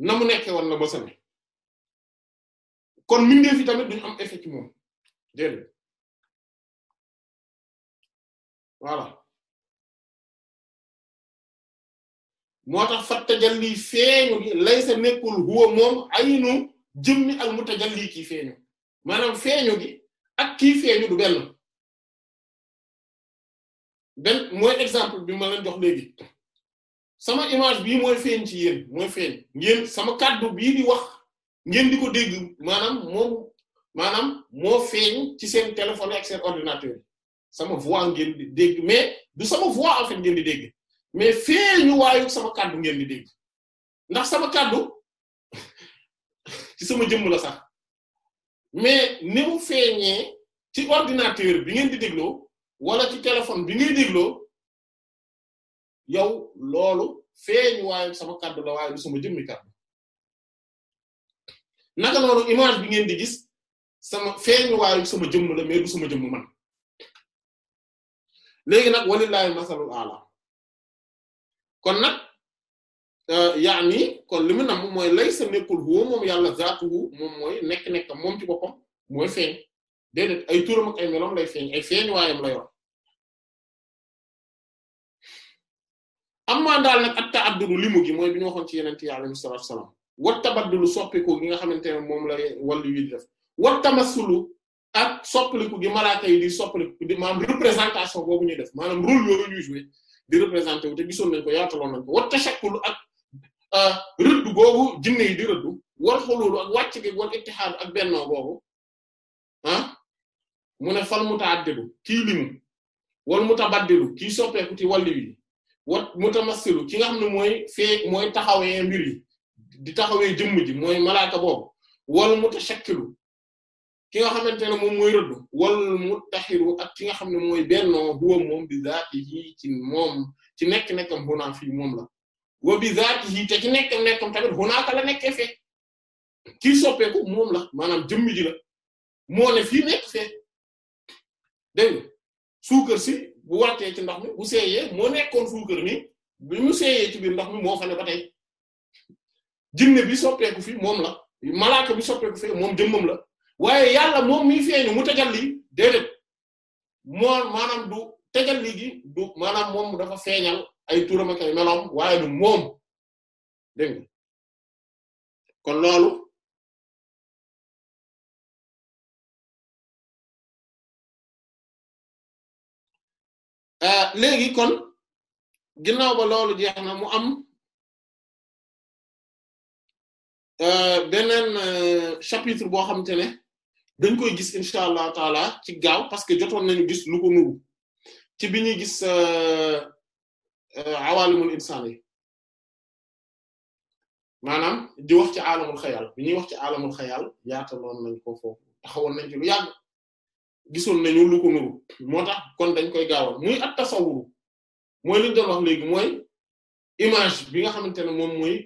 na mu nekkee woon la kon mbindeef yi tamit duñu am effet ci moom déedéet voilà moo tax fat tajalli feeñu gi laysa nekkul huwa moom aynu jëmmi al mutajalli kii feeñu maanaam feeñu gi ak kii feeñu du benn. benn mooy exemple bi ma la jox léegi sama image bii mooy feeñ ci yéen mooy feeñ ngeen sama kàddu bii di wax ngeen di ko dégg maanaam moom maanaam moo feeñ ci seen téléphone ak seen ordinateur sama voix ngeen di dégg mais di dégg mais feeñu waayu sama kàddu ngeen di dégg ndax sama kàddu [LAUGHS] ci sama jëmm la sax mais ni mu feeñee ci ordinateur bi ngeen di dégloo wala ci téléphone bi ngay dégloo yow loolu feeñ waaye sama kàddu la waaye sama jëmmi kàddu naka noonu image bi ngeen di gis sama feeñ waaye sama jëmm la mais du sama jëmm man léegi nag walillahi masalul ala kon nag euh, yaani kon li mu nam mooy lay sa nekkul huwa moom yàlla zaatuhu moom mooy nekk-nekk moom ci boppam mooy feeñ déedéet ay turam ak ay melom lay feeñ ay feeñ waayam la yor amma daal nag at ta'addudu limu gi mooy bi ñu waxoon ci yeneen yi alayhi salaatu wassalaam wa tabaddulu soppiku gi nga xamante ne moom la wàllu wi di def wa tamassulu ak soppaliku gi malaaka yi di soppaliku di maanaam représentation boobu ñuy def maanaam rôle yooyu ñuy di représenter wu te gisoon nañ ko yaataloon nañ ko wa tashakkulu ak euh, rëdd googu jinne yi di rëddu war xululu ak wàcc gi war ittihaad ak bennoo googu ah mu ne fal mutaaddidu kii limu wal mutabaddilu kii soppeeku ci wàllu wi wat mutamassilu ki nga xam ne mooy fee mooy taxawee mbir yi di taxawee jëmm ji mooy malaaka boobu wal mutashakkilu ki nga xamante ne moom mooy rëdd wal muttaxiru ak ki nga xam ne mooy bennoo huwa moom bi zaatihi ci moom ci nekk nekkam xunaa fii moom la wa bi zaatihi te ci nekkam nekkam la nekkee fee kii soppeeku moom la maanaam jëmm ji la moo ne si bu wàccee ci ndox mi bu seeyee moo nekkoon suukar mi bi mu seeyee ci biir ndox mi moo fa ne ba tey jinne bi soppeeku fi moom la malaaka bi soppeeku fi moom jëmmam la waaye yàlla moom miy feeñu mu tajalli déedéet moo maanaam du tajalli gi du maanaam moom dafa feeñal ay turam ak ay meloom waaye du moom dégg kon loolu Ah, léegi kon ginnaaw ba loolu jeex na mu am euh, beneen euh, chapitre boo xamante ne dañ koy gis incha allah taala ci gaaw parce que jotoon nañu gis lu ko nuru ci bi ñuy gis euh, awaalimul insaan yi maanaam di wax ci aalamul xayal bi ñuy wax ci aalamul xayal yaataloon nañ ko foofu taxawoon nañ ci lu yàgg. gisoon nañu lu ko nuru moo dañ koy gaawal muy at tasawuru mooy liñ doon wax léegi mooy image bi nga xamante ne moom mooy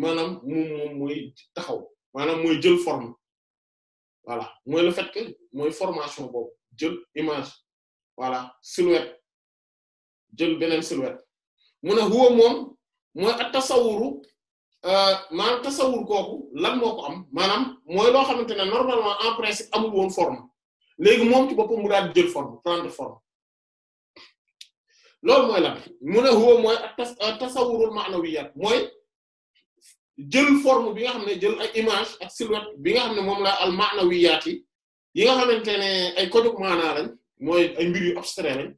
maanaam moom taxaw maanaam mooy jël forme voilà mooy le fait que mooy formation boobu jël image voilà silhouette jël beneen silhouette mu ne huwa moom mooy at tasawuru euh, maanaam tasawur kooku lan moo am maanaam mooy loo xamante ne normalement en principe amul woon forme léegi moom ci boppam mu daal jël forme prendre forme loolu mooy lan mu ne huwa mooy euh, tasawurul ma'nawiyat mooy jël forme bi nga xam ne jël ay image ak silhouette bi nga xam ne moom la al ma'nawiyat yi yi nga xamante ne ay kodug maanaa lañ mooy ay mbir yu abstrait lañ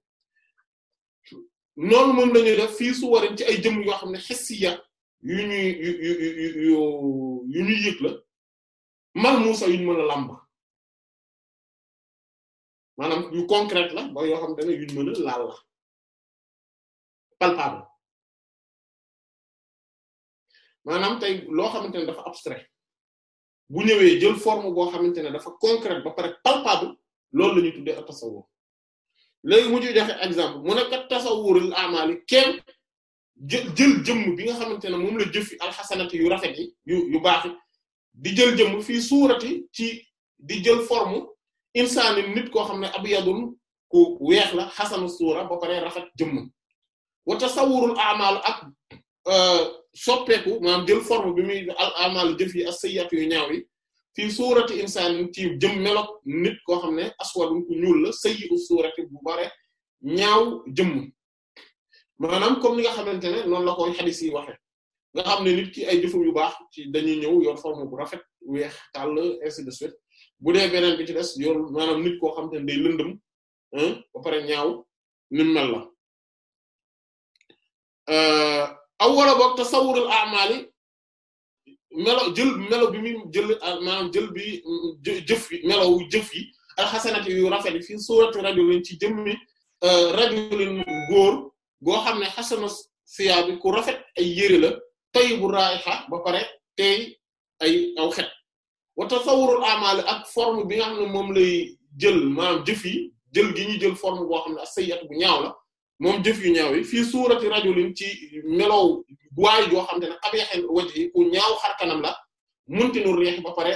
noonu moom lañuy ñuy def fii su ci ay jëm yoo xam ne hissiya yu ñuy yu yu yu ñuy la mal muusa yu ñu mën a làmb maanaam yu concrète la ba yoo xam ne yuñ mën a laal la palpable maanaam tey loo xamante ne dafa abstrait bu ñëwee jël forme goo xamante ne dafa concrète ba pare palpable loolu la ñuy tuddee ak tasawur léegi mu ci joxe exemple mun ne kat tasawurul amali kenn jël jëmm bi nga xamante ne moom la jëf jëfi alxasanati yu rafet yi yu yu baax di jël jëmm fii suurati ci di jël formu insaanin nit koo xam ne abyadun ku weex la xasanu suura ba pare rafet jëmm wa tasawurul amal ak euh, soppeeku maanaam jël forme bi muy al amal jëf yi as-sayyi'atu yu ñaaw yi fii suurati insaanin ci jëm melok nit koo xam ne aswadun ku ñuul la sayyi'u suurati bu bare ñaaw jëmm maanaam comme ni nga xamante ne noonu la koy xadis yi waxe nga xam ne nit ki ay jëfum yu baax ci dañuy ñëw yoon forme bu rafet weex tàll ainsi de suite bu dee beneen bi ci des yoon maanaam nit koo xam te ne day lëndëm ba pare ñaaw ni mel la euh, aw wala boog tasawurul a'mali melo jël melo bi muy jël maanaam jël bi jëf yi melow jëf yi alxasanati yu rafet yi fi suuratu rajulin ci jëmmi euh, rajulin góor goo xam ne xasana siyaa bi ku rafet ay yére la tayyibu raiha ba pare tey ay aw xet wa tasawurul amaali ak forme bi nga xam ne moom lay jël maanaam jëf yi jël gi ñu jël forme boo xam ne as-sayyi'atu bu ñaaw la moom jëf yu ñaaw yi fii suurati rajulin ci melow waay joo xam te ne xabeexen wajhi ku ñaaw la kanam la muntinul riix ba pare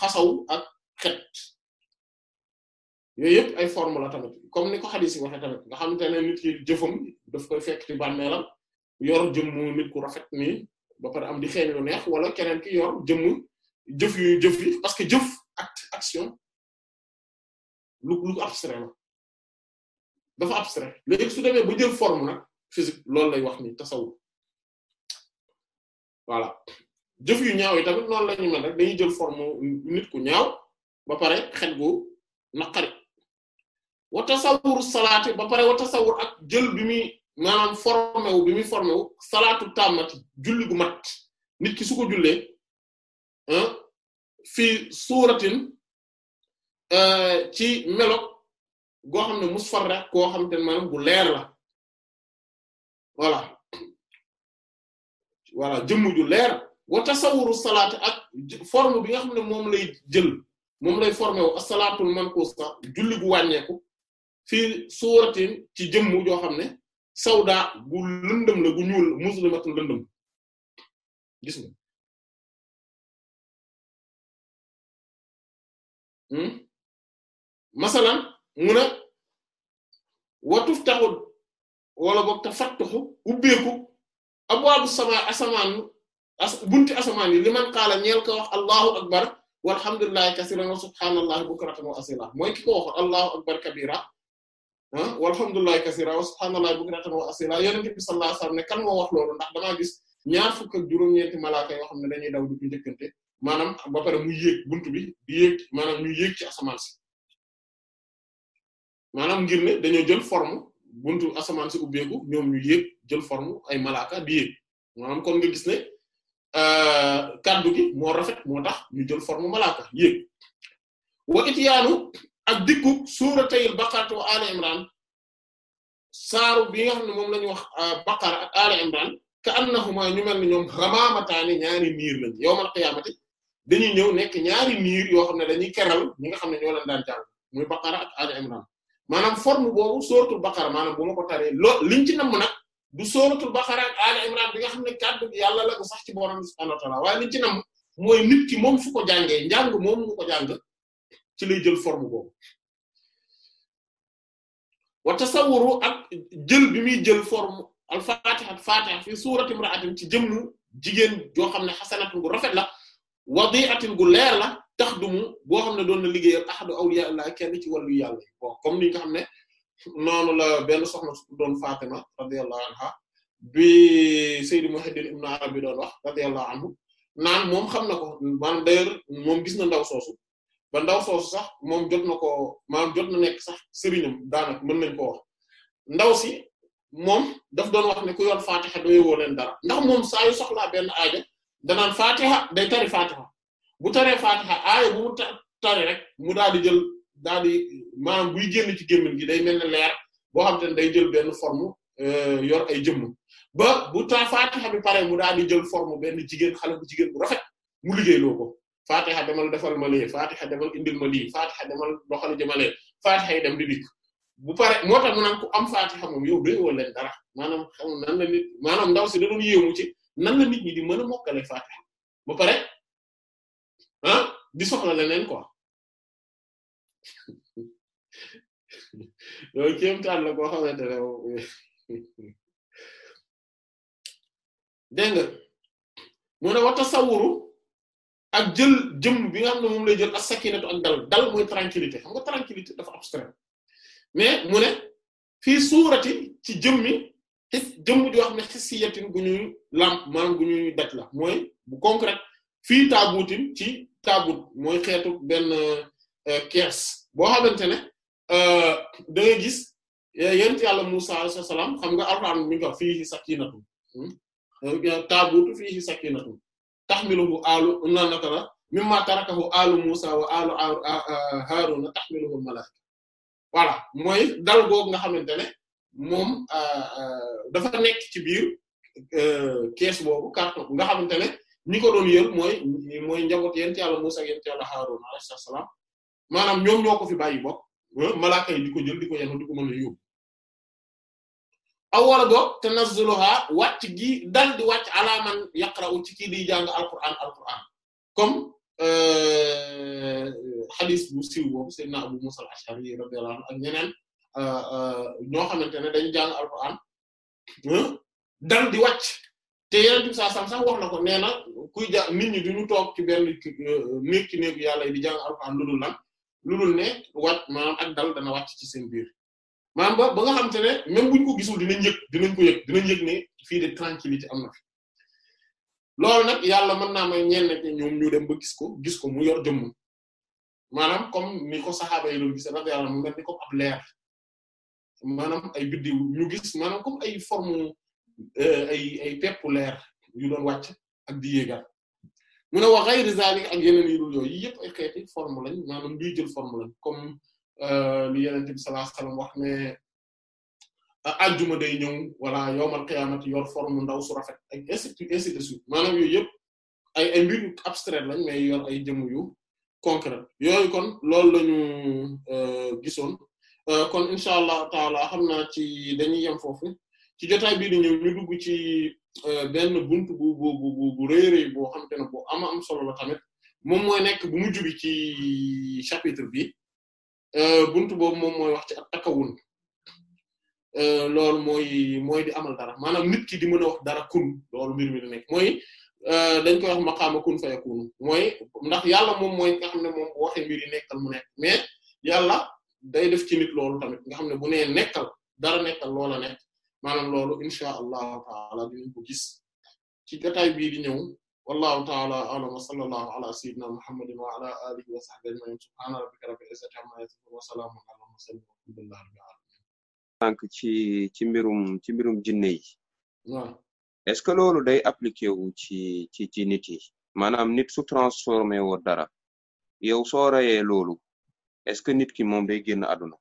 xasaw ak xet yooyu yëpp ay forme la tamit comme ni ko xadis yi waxee tamit nga xamante ne nit ki jëfam daf koy fekk ci bàmmeelam yor jëmm nit ku rafet nii ba pare am di xeeñ lu neex wala keneen ki yor jëmm jëf yu jëf yi parce que jëf ak action lu lu abstrait la dafa abstrait léegi su demee ba jël forme nag physique loolu lay wax ni tasawuf voilà jëf yu ñaaw yi tamit noonu la ñu rek dañuy jël forme nit ku ñaaw ba pare xet gu naqari wa tasawur salaati ba pare wa tasawur ak jël bi muy maanaam formé bi muy formé salaatu tàmmati julli gu mat nit ki su ko jullee fii suuratin euh, ci melo goo xam ne musfarra koo xam te ne maanaam bu leer la voilà voilà jëmm ju leer wa tasawuru salaat ak forme bi nga xam ne moom lay jël moom lay formé wu as-salaatul manquusa julli gu wàññeeku fii suuratin ci jëmm joo xam ne sawda gu lëndëm la gu ñuul muslimatun lëndëm gis nga Hmm? masalan mun a watuf taxu wala boog te fattuxu ubbeeku a sama asamaan as bunti asamaan yi li man ñeel ko wax allahu akbar walhamdulillahi kasiran wa subhaanallahi bukratan wa asila mooy ki ko waxoon allahu akbar kabira ah walhamdulillahi kasiran wa subhaanallahi bukratan wa asila yonent bi ne kan moo wax loolu ndax damaa gis ñaar fukk ak juróom-ñeenti malaaka yoo xam ne dañuy daw di njëkkante maanaam ba pare mu yéeg bunt bi di yéeg maanaam ñu yéeg ci asamaan si ngir ne dañoo jël forme buntu asamaan si ubbeeku ñoom ñu yéeg jël forme ay malaaka di yéeg maanaam kon nga gis ne euh, kaddu gi moo rafet moo tax ñu jël forme malaaka yéeg wa it yaanu ak dikku suuratayil baqaratu aali imran saaru bi nga xam ne moom la ñu wax euh, baqara ak aali imran ka annahuma ñu mel ni ñoom xamaamataani ñaari niir lañ yowmal qiyaamati dañuy ñëw nekk ñaari niir yoo xam ne dañuy keral ñi nga xam ne ñoo leen daan jàng muy Baqara ak Ali Imran maanaam forme boobu sóoratul Baqara maanaam bu ma ko taree loo liñ ci namm nag du sóoratul Baqara ak Ali Imran bi nga xam ne kàddu gi yàlla la ko sax ci borom subhaanahu wa ta'aala ci namm mooy moom fu ko jàngee njàng jàng ci lay jël forme boobu wa tasawuru ak jël bi muy jël forme al-Fatiha ak Fatiha fi suurati ci jëmmu jigéen joo xam ne xasanatun bu rafet la wadi'atin gu leer la tax du mu boo xam ne doon na liggéeyal ahadu awliya laa kenn ci wàllu yàlla bon comme ni nga xam ne la benn soxna su doon Fatima radiyallahu anha bi Sayyid Muhammad ibn Arabi doon wax radiyallahu anhu naan moom xam na ko maanaam d'ailleurs moom gis na ndaw soosu ba ndaw soosu sax mom jot na ko maanaam jot na nekk sax sëriñam daanaka mën nañ ko wax ndaw si moom daf doon wax ne ku yoon Fatiha doyoo leen dara ndax moom saa yu soxlaa aaja danaan fatiha day tari fatiha bu taree fatiha aaya bu tari rek mu daal di jël daal di maanaam buy génn ci gémmiñ gi day mel ne leer boo xam te day jël benn forme euh, yor ay jëmm ba bu ta fatiha bi pare mu daal di jël forme benn jigéen xale bu jigéen bu rafet mu liggéeyloo ko fatiha demal defal ma lii fatiha demal indil ma lii fatiha demal doxal jëmalee fatiha yi dem di dikk bu pare moo tax mu ku am fatiha moom yow doy woo leen dara maanaam xam nan nit maanaam ndaw si da doon ci nan la nit ñi di mën a mokkale Fatiha ba pare ah di soxla leneen quoi [LAUGHS] loolu kéemtaan la koo xamante ne [LAUGHS] dégg nga mu ne wa tasawuru ak jël jëm bi nga xam ne moom lay jël as-sakinatu ak dal dal mooy tranquillité xam nga tranquillité dafa abstrait mais mu ne fii suurati ci jëmmi xis jëmm joo xam ne xis si yettin gu ñuy lamp maanaam gu ñuy daj la mooy bu concret fii taabutin ci taabut mooy xeetu benn euh, kees boo xamante ne euh, da gis gis euh, yent yàlla Musa sa salaam xam nga alxuraan mi ngi wax fiihi sakiinatun hmm? taabutu fiihi sakiinatun tahmiluhu aalu naan naka la mimma tarakahu aalu Musa mooy dal googu nga xamante ne. moom euh, euh, dafa nekk ci biir euh, kees boobu carton nga xamante ne ñi ko doon yër mooy mooy njaboot yéen ci yàlla Musaa ak yéen ci yàlla Haaruna salaam maanaam ñoom ñoo ko fi bàyyi bokk malaaka yi di ko jël di ko yenu di ko mën a yóbbu aw wala boog tanazzuluha wàcc gi dal di wàcc ala man yaqra'u ci kii di jàng alquran alquran comme hadith bu siiw boobu Seydina Abu Musa al-Ash'ari radiyallahu anhu ak ñeneen. Euh, euh, ñoo xamante ne dañu jàng alquran dal di wàcc te yeneen bi saa sam sax wax na ko nee kuy ja nit ñi duñu toog ci benn euh, néeg ci néegu yàlla yi di jàng alquran lu dul lan lu dul ne wàcc maanaam ak dal dana wàcc ci seen biir maanaam ba ba nga xamante ne même buñ ko gisul dinañ yëg dinañ ko yëg dinañ yëg ne fii de tranquillité am na fi loolu nag yàlla mën naa may ñenn ñi ñoom ñu dem ba gis ko gis ko mu yor jëmm maanaam comme ni ko saxaaba yi doon gis rek yàlla mu mel ni comme leer maanaam ay biddiw ñu gis maanaam comme ay forme euh, ay peppu leer yu doon wàcc ak di yéegal mu ne wa ghayri zalik yu dul yooyu yëpp ay xeeti forme lañ maanaam luy jël forme lañ comme euh, lu yeneen bi sallallahu alayhi wasallam wax ne aljuma day ñëw wala yawmal qiyamati yor forme ndaw su rafet maanaam yooyu yëpp ay ay mbir abstrait lañ mais yor ay jëmm yu concret yooyu kon loolu lañu euh, gisoon Euh, kon incha allah taala xam naa ci dañuy yem foofu ci jotaay bii di ñëw ñu dugg ci euh, benn bunt bu bu bu bu rëy boo xam te ne bu ama am solo la tamit moom mooy nekk bu mujj bi ci chapitre bi euh, bunt boobu moom mooy wax ci ak takawun loolu mooy mooy di amal dara maanaam nit ki di mën a wax dara kun loolu mbir mi di nekk mooy dañ koy wax maqaama mooy ndax yàlla moom mooy nga xam ne moom bu waxee mbir yi nekkal mu nekk mais yàlla. day def ci nit loolu tamit nga xam ne bu nee nekkal dara nekkal loola nekk maanaam loolu insha allahu taala dinañ ko gis ci jotaay bii di ñëw wallahu taala a'lam wa sallallahu ala sayyidina muhammadin wa ala alihi wa sahbihi ajma'in subhana rabbika rabbil izzati amma yasifun wa salamun ala mursalin walhamdulillahi rabbil alamin donc ci ci mbirum ci mbirum jinne yi waaw est-ce que loolu day appliqué wu ci ci ci nit yi maanaam nit su transformé woo dara yow soo rayee loolu est-ce que nit ki moom day génn àdduna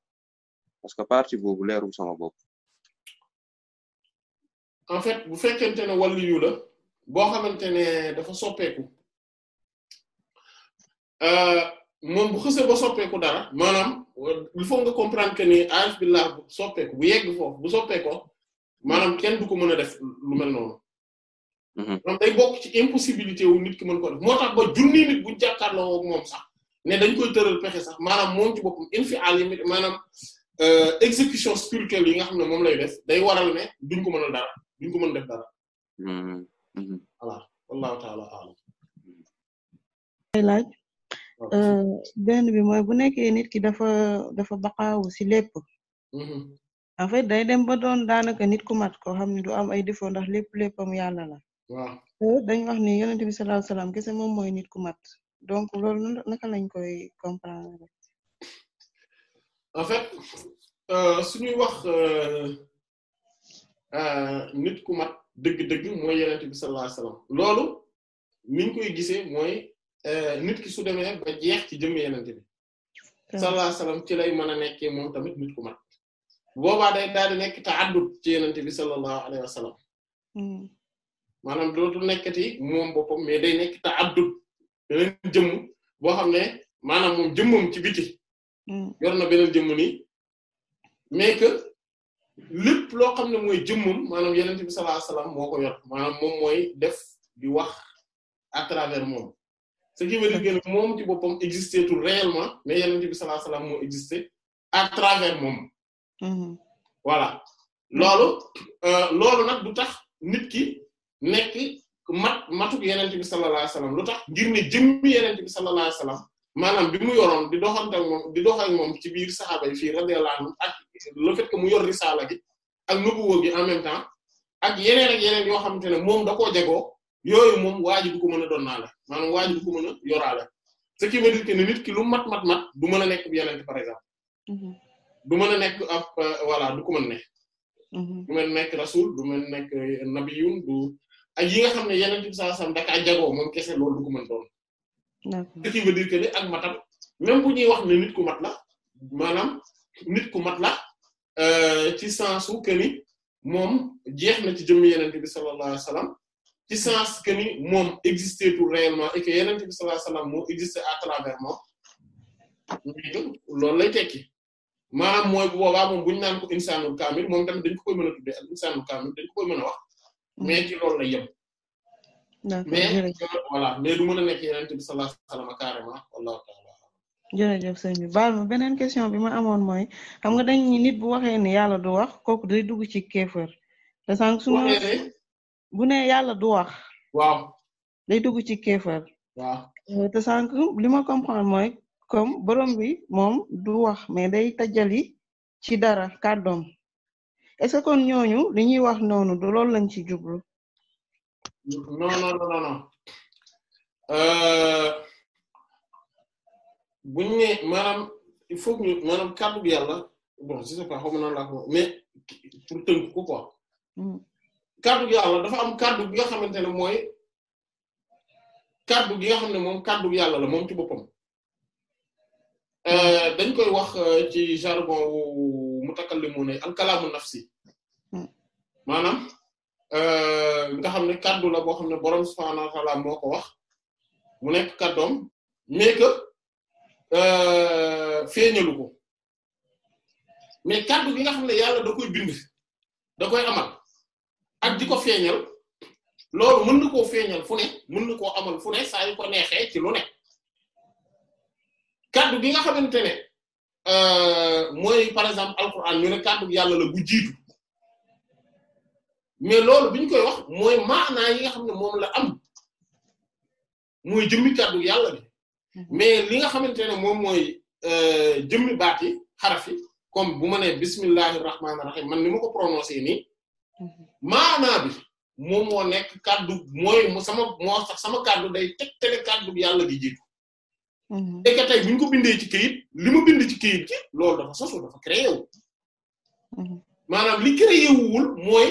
parce que partie boobu leerul sama bopp. en fait bu fekkente ne waliyu la boo xamante ne dafa soppeeku euh, moom bu xësee ba soppeeku dara maanaam il faut nga comprendre que ni âge bu soppeeku bu yegg bu soppeekoo maanaam kenn du ko mën a def lu mel noonu. maanaam day ci impossibilité wu nit ki mën ko def moo tax ba junni nit bu jàkkaarloo ak moom sax. ne dañ koy tëral pexe sax maanaam moom ci boppam infial yi maanaam euh, exécution spirituelle yi nga xam ne moom lay des day waral ne duñ ko mën a dara duñ ko def dara. Mm-hmm. voilà alam. laaj euh, benn bi mooy bu nekkee nit ki dafa dafa baqaawu ci lépp. Mm-hmm. en day dem ba doon daanaka nit ku mat koo xam ne du am ay défaut ndax lépp léppam yàlla la. waaw euh, dañ wax ni yonent bi sallallahu alayhi wasallam kese moom mooy nit ku mat. donc loolu naka lañ koy comprendre en fait euh, suñuy wax euh, euh, nit ku mat dëgg-dëgg mooy yenente bi sallallahu alayhi loolu niñ koy gisee mooy nit ki su demee ba jeex ci jëm yenente bi sallallahu alayhi ci lay mën a nekkee moom tamit nit ku mat boobaa day daal di nekk ta'addud ci yenente bi sallallahu alayhi wasallam hmm. maanaam dootul nekkati moom boppam mais day nekk ta'addud beneen jëmm boo xam ne maanaam moom jëmmam ci biti hmm. yor na beneen jëmm nii mais que lépp loo xam ne mooy jëmmam maanaam yeneen bi sallallahu alayhi wasallam moo ko yor maanaam moom mooy def di wax à travers moom ce qui veut dire que moom ci boppam existé tout réellement mais yeneen bi sallallahu alayhi wasallam moo existé à travers moom hmm. voilà loolu euh, loolu nag du tax nit ki nekk mat matuk yenente bi sallallahu alayhi wasallam lu tax ngir ne jëmmi yenente bi sallallahu alayhi wasallam maanaam bi mu yoroon di doxante ak moom di dox moom ci biir saxaaba yi fi radiyallahu anhum ak le fait que mu yor risaala gi ak nubuwa gi en même temps ak yeneen ak yeneen yoo xamante ne moom da koo jegoo yooyu moom waa ji du ko mën a donnaale maanaam waa ji du ko mën a yoraale ce qui veut dire que nit ki lu mat mat mat du mën a nekk yenente par exemple mm-hmm. du mën a nekk ab euh, voilà du ko mën a nekk mm-hmm. du a a nekk ak yi nga xam ne yeneen bi sallallahu alayhi wasallam dakaa jagoo moom kese loolu du ko mën doon ce qui veut dire ni ak matam même bu ñuy wax ne nit ku mat la maanaam nit ku mat la euh, ci sensu que ni moom jeex na ci jëmm yeneen bi sallallahu alayhi ci sens que ni moom existé tout réellement et que yeneen bi sallallahu alayhi wasallam moo existé à travers moom loolu lay tekki maanaam mooy bu boobaa moom bu naan ko insaanul kaamil moom tamit dañ ko koy mën a tuddee ak insaanul kaamil dañ ko koy wax mais ci loolu yem. mais du mën a nekk yeneen bi sallallahu alayhi wa jërëjëf sëñ bi beneen question bi ma amoon mooy xam nga dañ nit bu waxee ne yàlla du wax kooku day dugg ci kéefër te sànq su ma bu ne yàlla du wax. waaw day dugg ci kéefër. waaw euh, te sànq li ma comprendre mooy comme borom bi moom du wax mais day tajali ci dara kàddoom. est kon ñooñu li ñuy wax noonu du loolu lañ ci jublu. non non non non bu ñu nee il faut que ñu maanaam kàddu gi yàlla bon je sais pas xaw ma naan laa ko mais pour tënk ko quoi. Hmm. kàddu gi yàlla dafa am kàddu gi nga xamante ne mooy kàddu gi nga xam ne moom kàddu yàlla la moom ci boppam. Euh, dañ koy wax euh, ci jargon wu. mutakallimuuna yi alkalaamu nafsi hmm. maanaam euh, nga xam ne kaddu la boo xam ne borom subhaanahu wa ta'aala ko wax mu nekk kaddoom mais euh, ko mais kaddu gi nga xam ne yàlla da koy bind da koy amal ak di ko feeñal loolu mën na koo feeñal fu ne koo ko neexee ci lu ne kaddu gi nga xamante ne. Euh, mooy par exemple alquran ñu ne kàddu yàlla la bu jiitu mais loolu bi ñu koy wax mooy maanaa yi nga xam ne moom la am mooy jëmmi yàlla mhm. mais li nga xamante ne moom mooy euh, jëmmi baat yi xaraf comme bu ma nee bismillahir rahmanir rahim man ni ma ko prononcé nii mhm. maanaa bi moom moo nekk kàddu mooy sama moo sax sama kàddu day tegtale yàlla gi jiitu. Mm-hmm. et que tey bu ñu ko bindee ci këyit li ma bind ci këyit ci loolu dafa sosu dafa créé wu. Mm-hmm. maanaam li créé wuwul mooy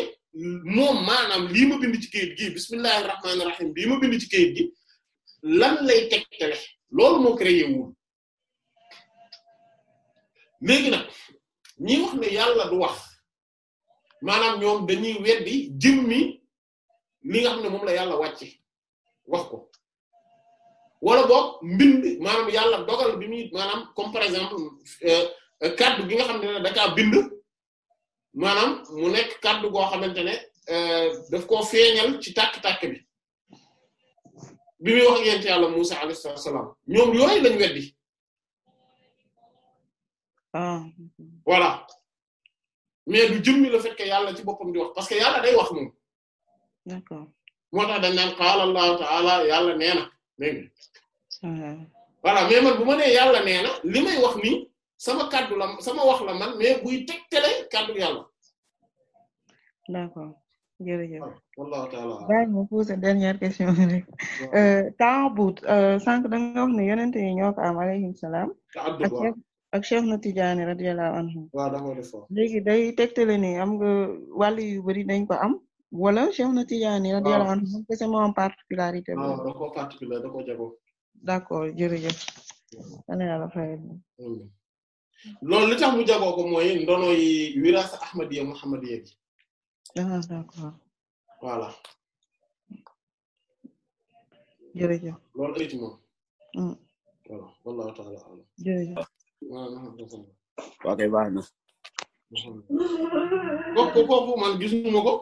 moom maanaam lii ma bind ci këyit gi bismillahir rahmanir rahim lii ma bind ci këyit gi lan lay tegtale loolu moo créé wuwul léegi nag ñi wax ne yàlla du wax maanaam ñoom dañuy weddi jëmmi li nga xam ne moom la yàlla wàcce wax ko. wala boog mbind maanaam yàlla dogal bi muy maanaam comme par exemple euh, kaddu gi nga xam ne da kaa bind maanaam mu nekk kaddu goo xamante ne euh, daf koo feeñal ci tàkk-tàkk bi bi muy wax ak yéen ci yàlla Musa alayhi salaam ñoom yooyu lañ weddi. Ah. voilà mais du jëmmi le fait que yàlla ci boppam di wax parce day wax moom. moo tax dañ naan qaala ta'ala yàlla nee na. dégg nga man bu ma nee yàlla nee na li may wax sama kaddu la sama wax la man mais buy tegtale kaddu yàlla. d'accord jërëjëf. wallaahu taala. daañu ma dernière question [LAUGHS] rek. taabut euh, euh, sànq da nga wax ne yonent yi ñoo ko am salaam. ak chef na Tijaani radiyallahu anhu. waaw da nga ko def léegi day am nga bari dañ ko am. wala Cheikh na Tidiane radiyallahu anhu moom kese moo am particularité boobu. waaw da koo particulier da koo jagoo. d'accord jërëjëf. ana yàlla fay. mooy ndono yi wirasa ahmadiyya muhammadiyya bi. ah d'accord. voilà. jërëjëf mm. ta'ala a'lam. jërëjëf. waaw kay baax na. kooku kooku man gisuma ko.